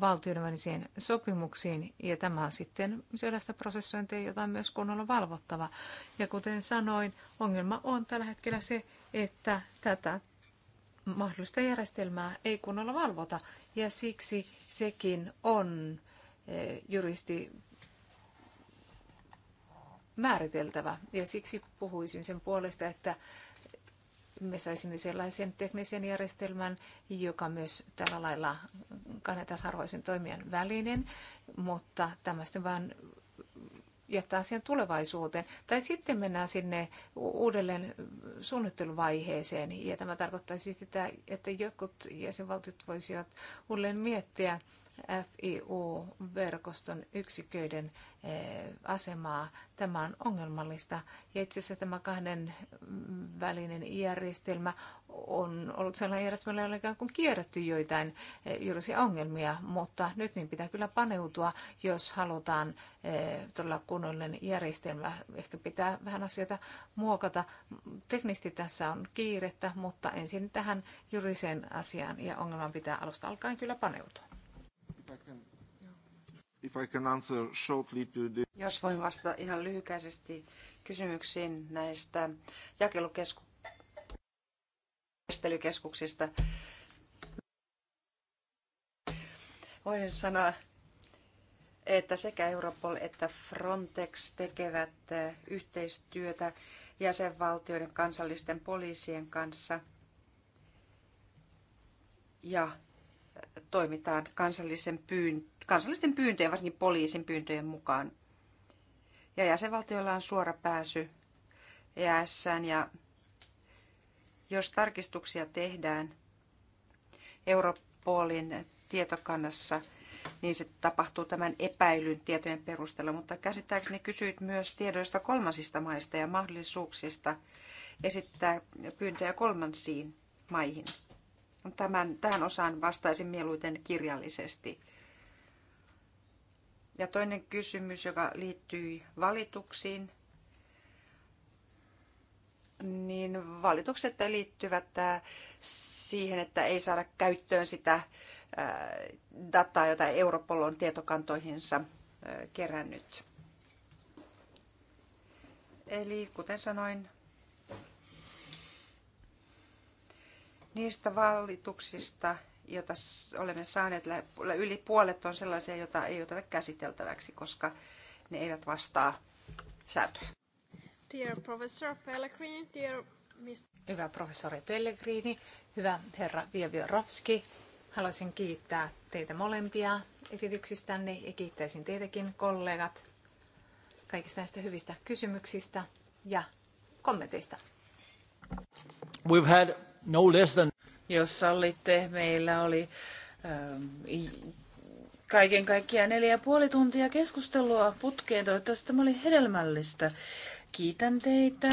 valtioiden välisiin sopimuksiin, ja tämä on sitten sellaista prosessointia, jota on myös kunnolla valvottava. Ja kuten sanoin, ongelma on tällä hetkellä se, että tätä mahdollista järjestelmää ei kunnolla valvota. Ja siksi sekin on eh, juristi määriteltävä. Ja siksi puhuisin sen puolesta, että me saisimme sellaisen teknisen järjestelmän, joka myös tällä lailla kahden tasa-arvoisen toimijan välinen, mutta tämmöisten vain jättää asian tulevaisuuteen. Tai sitten mennään sinne uudelleen suunnitteluvaiheeseen. Ja tämä tarkoittaisi sitä, että jotkut jäsenvaltiot voisivat uudelleen miettiä FIU-verkoston yksiköiden eh, asemaa. Tämä on ongelmallista. Ja itse asiassa tämä kahden välinen järjestelmä on ollut sellainen järjestelmä, jolla on ikään kuin kierretty joitain eh, juridisia ongelmia, mutta nyt niin pitää kyllä paneutua, jos halutaan eh, todella kunnollinen järjestelmä. Ehkä pitää vähän asioita muokata. Teknisesti tässä on kiirettä, mutta ensin tähän juriseen asiaan ja ongelman pitää alusta alkaen kyllä paneutua. Jos voin vastata ihan lyhykäisesti kysymyksiin näistä jakelukeskuksista. Voin sanoa, että sekä Europol että Frontex tekevät yhteistyötä jäsenvaltioiden kansallisten poliisien kanssa. Ja toimitaan kansallisen pyyn, kansallisten pyyntöjen, varsinkin poliisin pyyntöjen mukaan. Ja jäsenvaltioilla on suora pääsy EASään ja jos tarkistuksia tehdään Europolin tietokannassa, niin se tapahtuu tämän epäilyn tietojen perusteella. Mutta käsittääkseni kysyit myös tiedoista kolmansista maista ja mahdollisuuksista esittää pyyntöjä kolmansiin maihin. Tämän, tähän osaan vastaisin mieluiten kirjallisesti. Ja toinen kysymys, joka liittyy valituksiin, niin valitukset liittyvät äh, siihen, että ei saada käyttöön sitä äh, dataa, jota Europol on tietokantoihinsa äh, kerännyt. Eli kuten sanoin, Niistä valituksista, joita olemme saaneet, yli puolet on sellaisia, joita ei oteta käsiteltäväksi, koska ne eivät vastaa sääntöjä. Dear Professor Pellegrini, dear Mr. Hyvä professori Pellegrini, hyvä herra Vievio Rovski, haluaisin kiittää teitä molempia esityksistänne ja kiittäisin teitäkin kollegat kaikista näistä hyvistä kysymyksistä ja kommenteista. We've had no less than... Jos sallitte, meillä oli ähm, kaiken kaikkiaan neljä ja puoli tuntia keskustelua putkeen. Toivottavasti tämä oli hedelmällistä. Kiitän teitä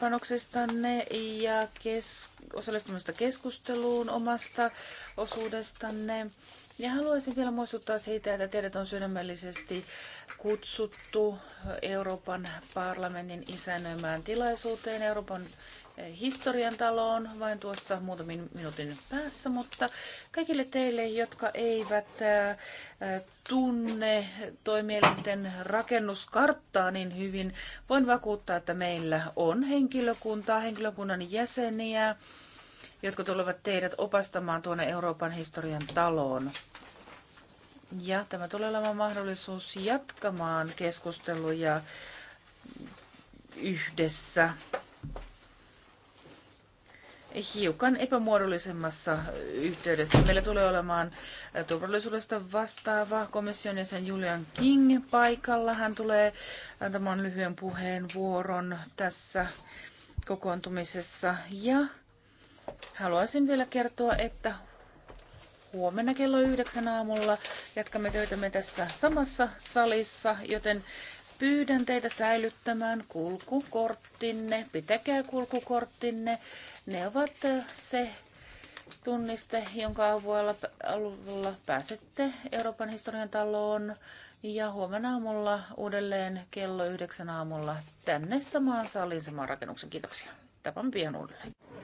panoksestanne ja kes- osallistumista keskusteluun omasta osuudestanne. Ja haluaisin vielä muistuttaa siitä, että teidät on sydämellisesti kutsuttu Euroopan parlamentin isännöimään tilaisuuteen Euroopan historian taloon vain tuossa muutamin minuutin päässä, mutta kaikille teille, jotka eivät äh, äh, tunne toimielinten rakennuskarttaa niin hyvin, voin vakuuttaa, että meillä on henkilökuntaa, henkilökunnan jäseniä, jotka tulevat teidät opastamaan tuonne Euroopan historian taloon. Ja tämä tulee olemaan mahdollisuus jatkamaan keskusteluja yhdessä hiukan epämuodollisemmassa yhteydessä. Meillä tulee olemaan äh, turvallisuudesta vastaava komission jäsen Julian King paikalla. Hän tulee antamaan lyhyen puheenvuoron tässä kokoontumisessa. Ja haluaisin vielä kertoa, että huomenna kello yhdeksän aamulla jatkamme töitämme tässä samassa salissa, joten Pyydän teitä säilyttämään kulkukorttinne. Pitäkää kulkukorttinne. Ne ovat eh, se tunniste, jonka avulla, pääsette Euroopan historian taloon. Ja huomenna aamulla uudelleen kello yhdeksän aamulla tänne samaan saliin samaan rakennuksen. Kiitoksia. Tapan pian uudelleen.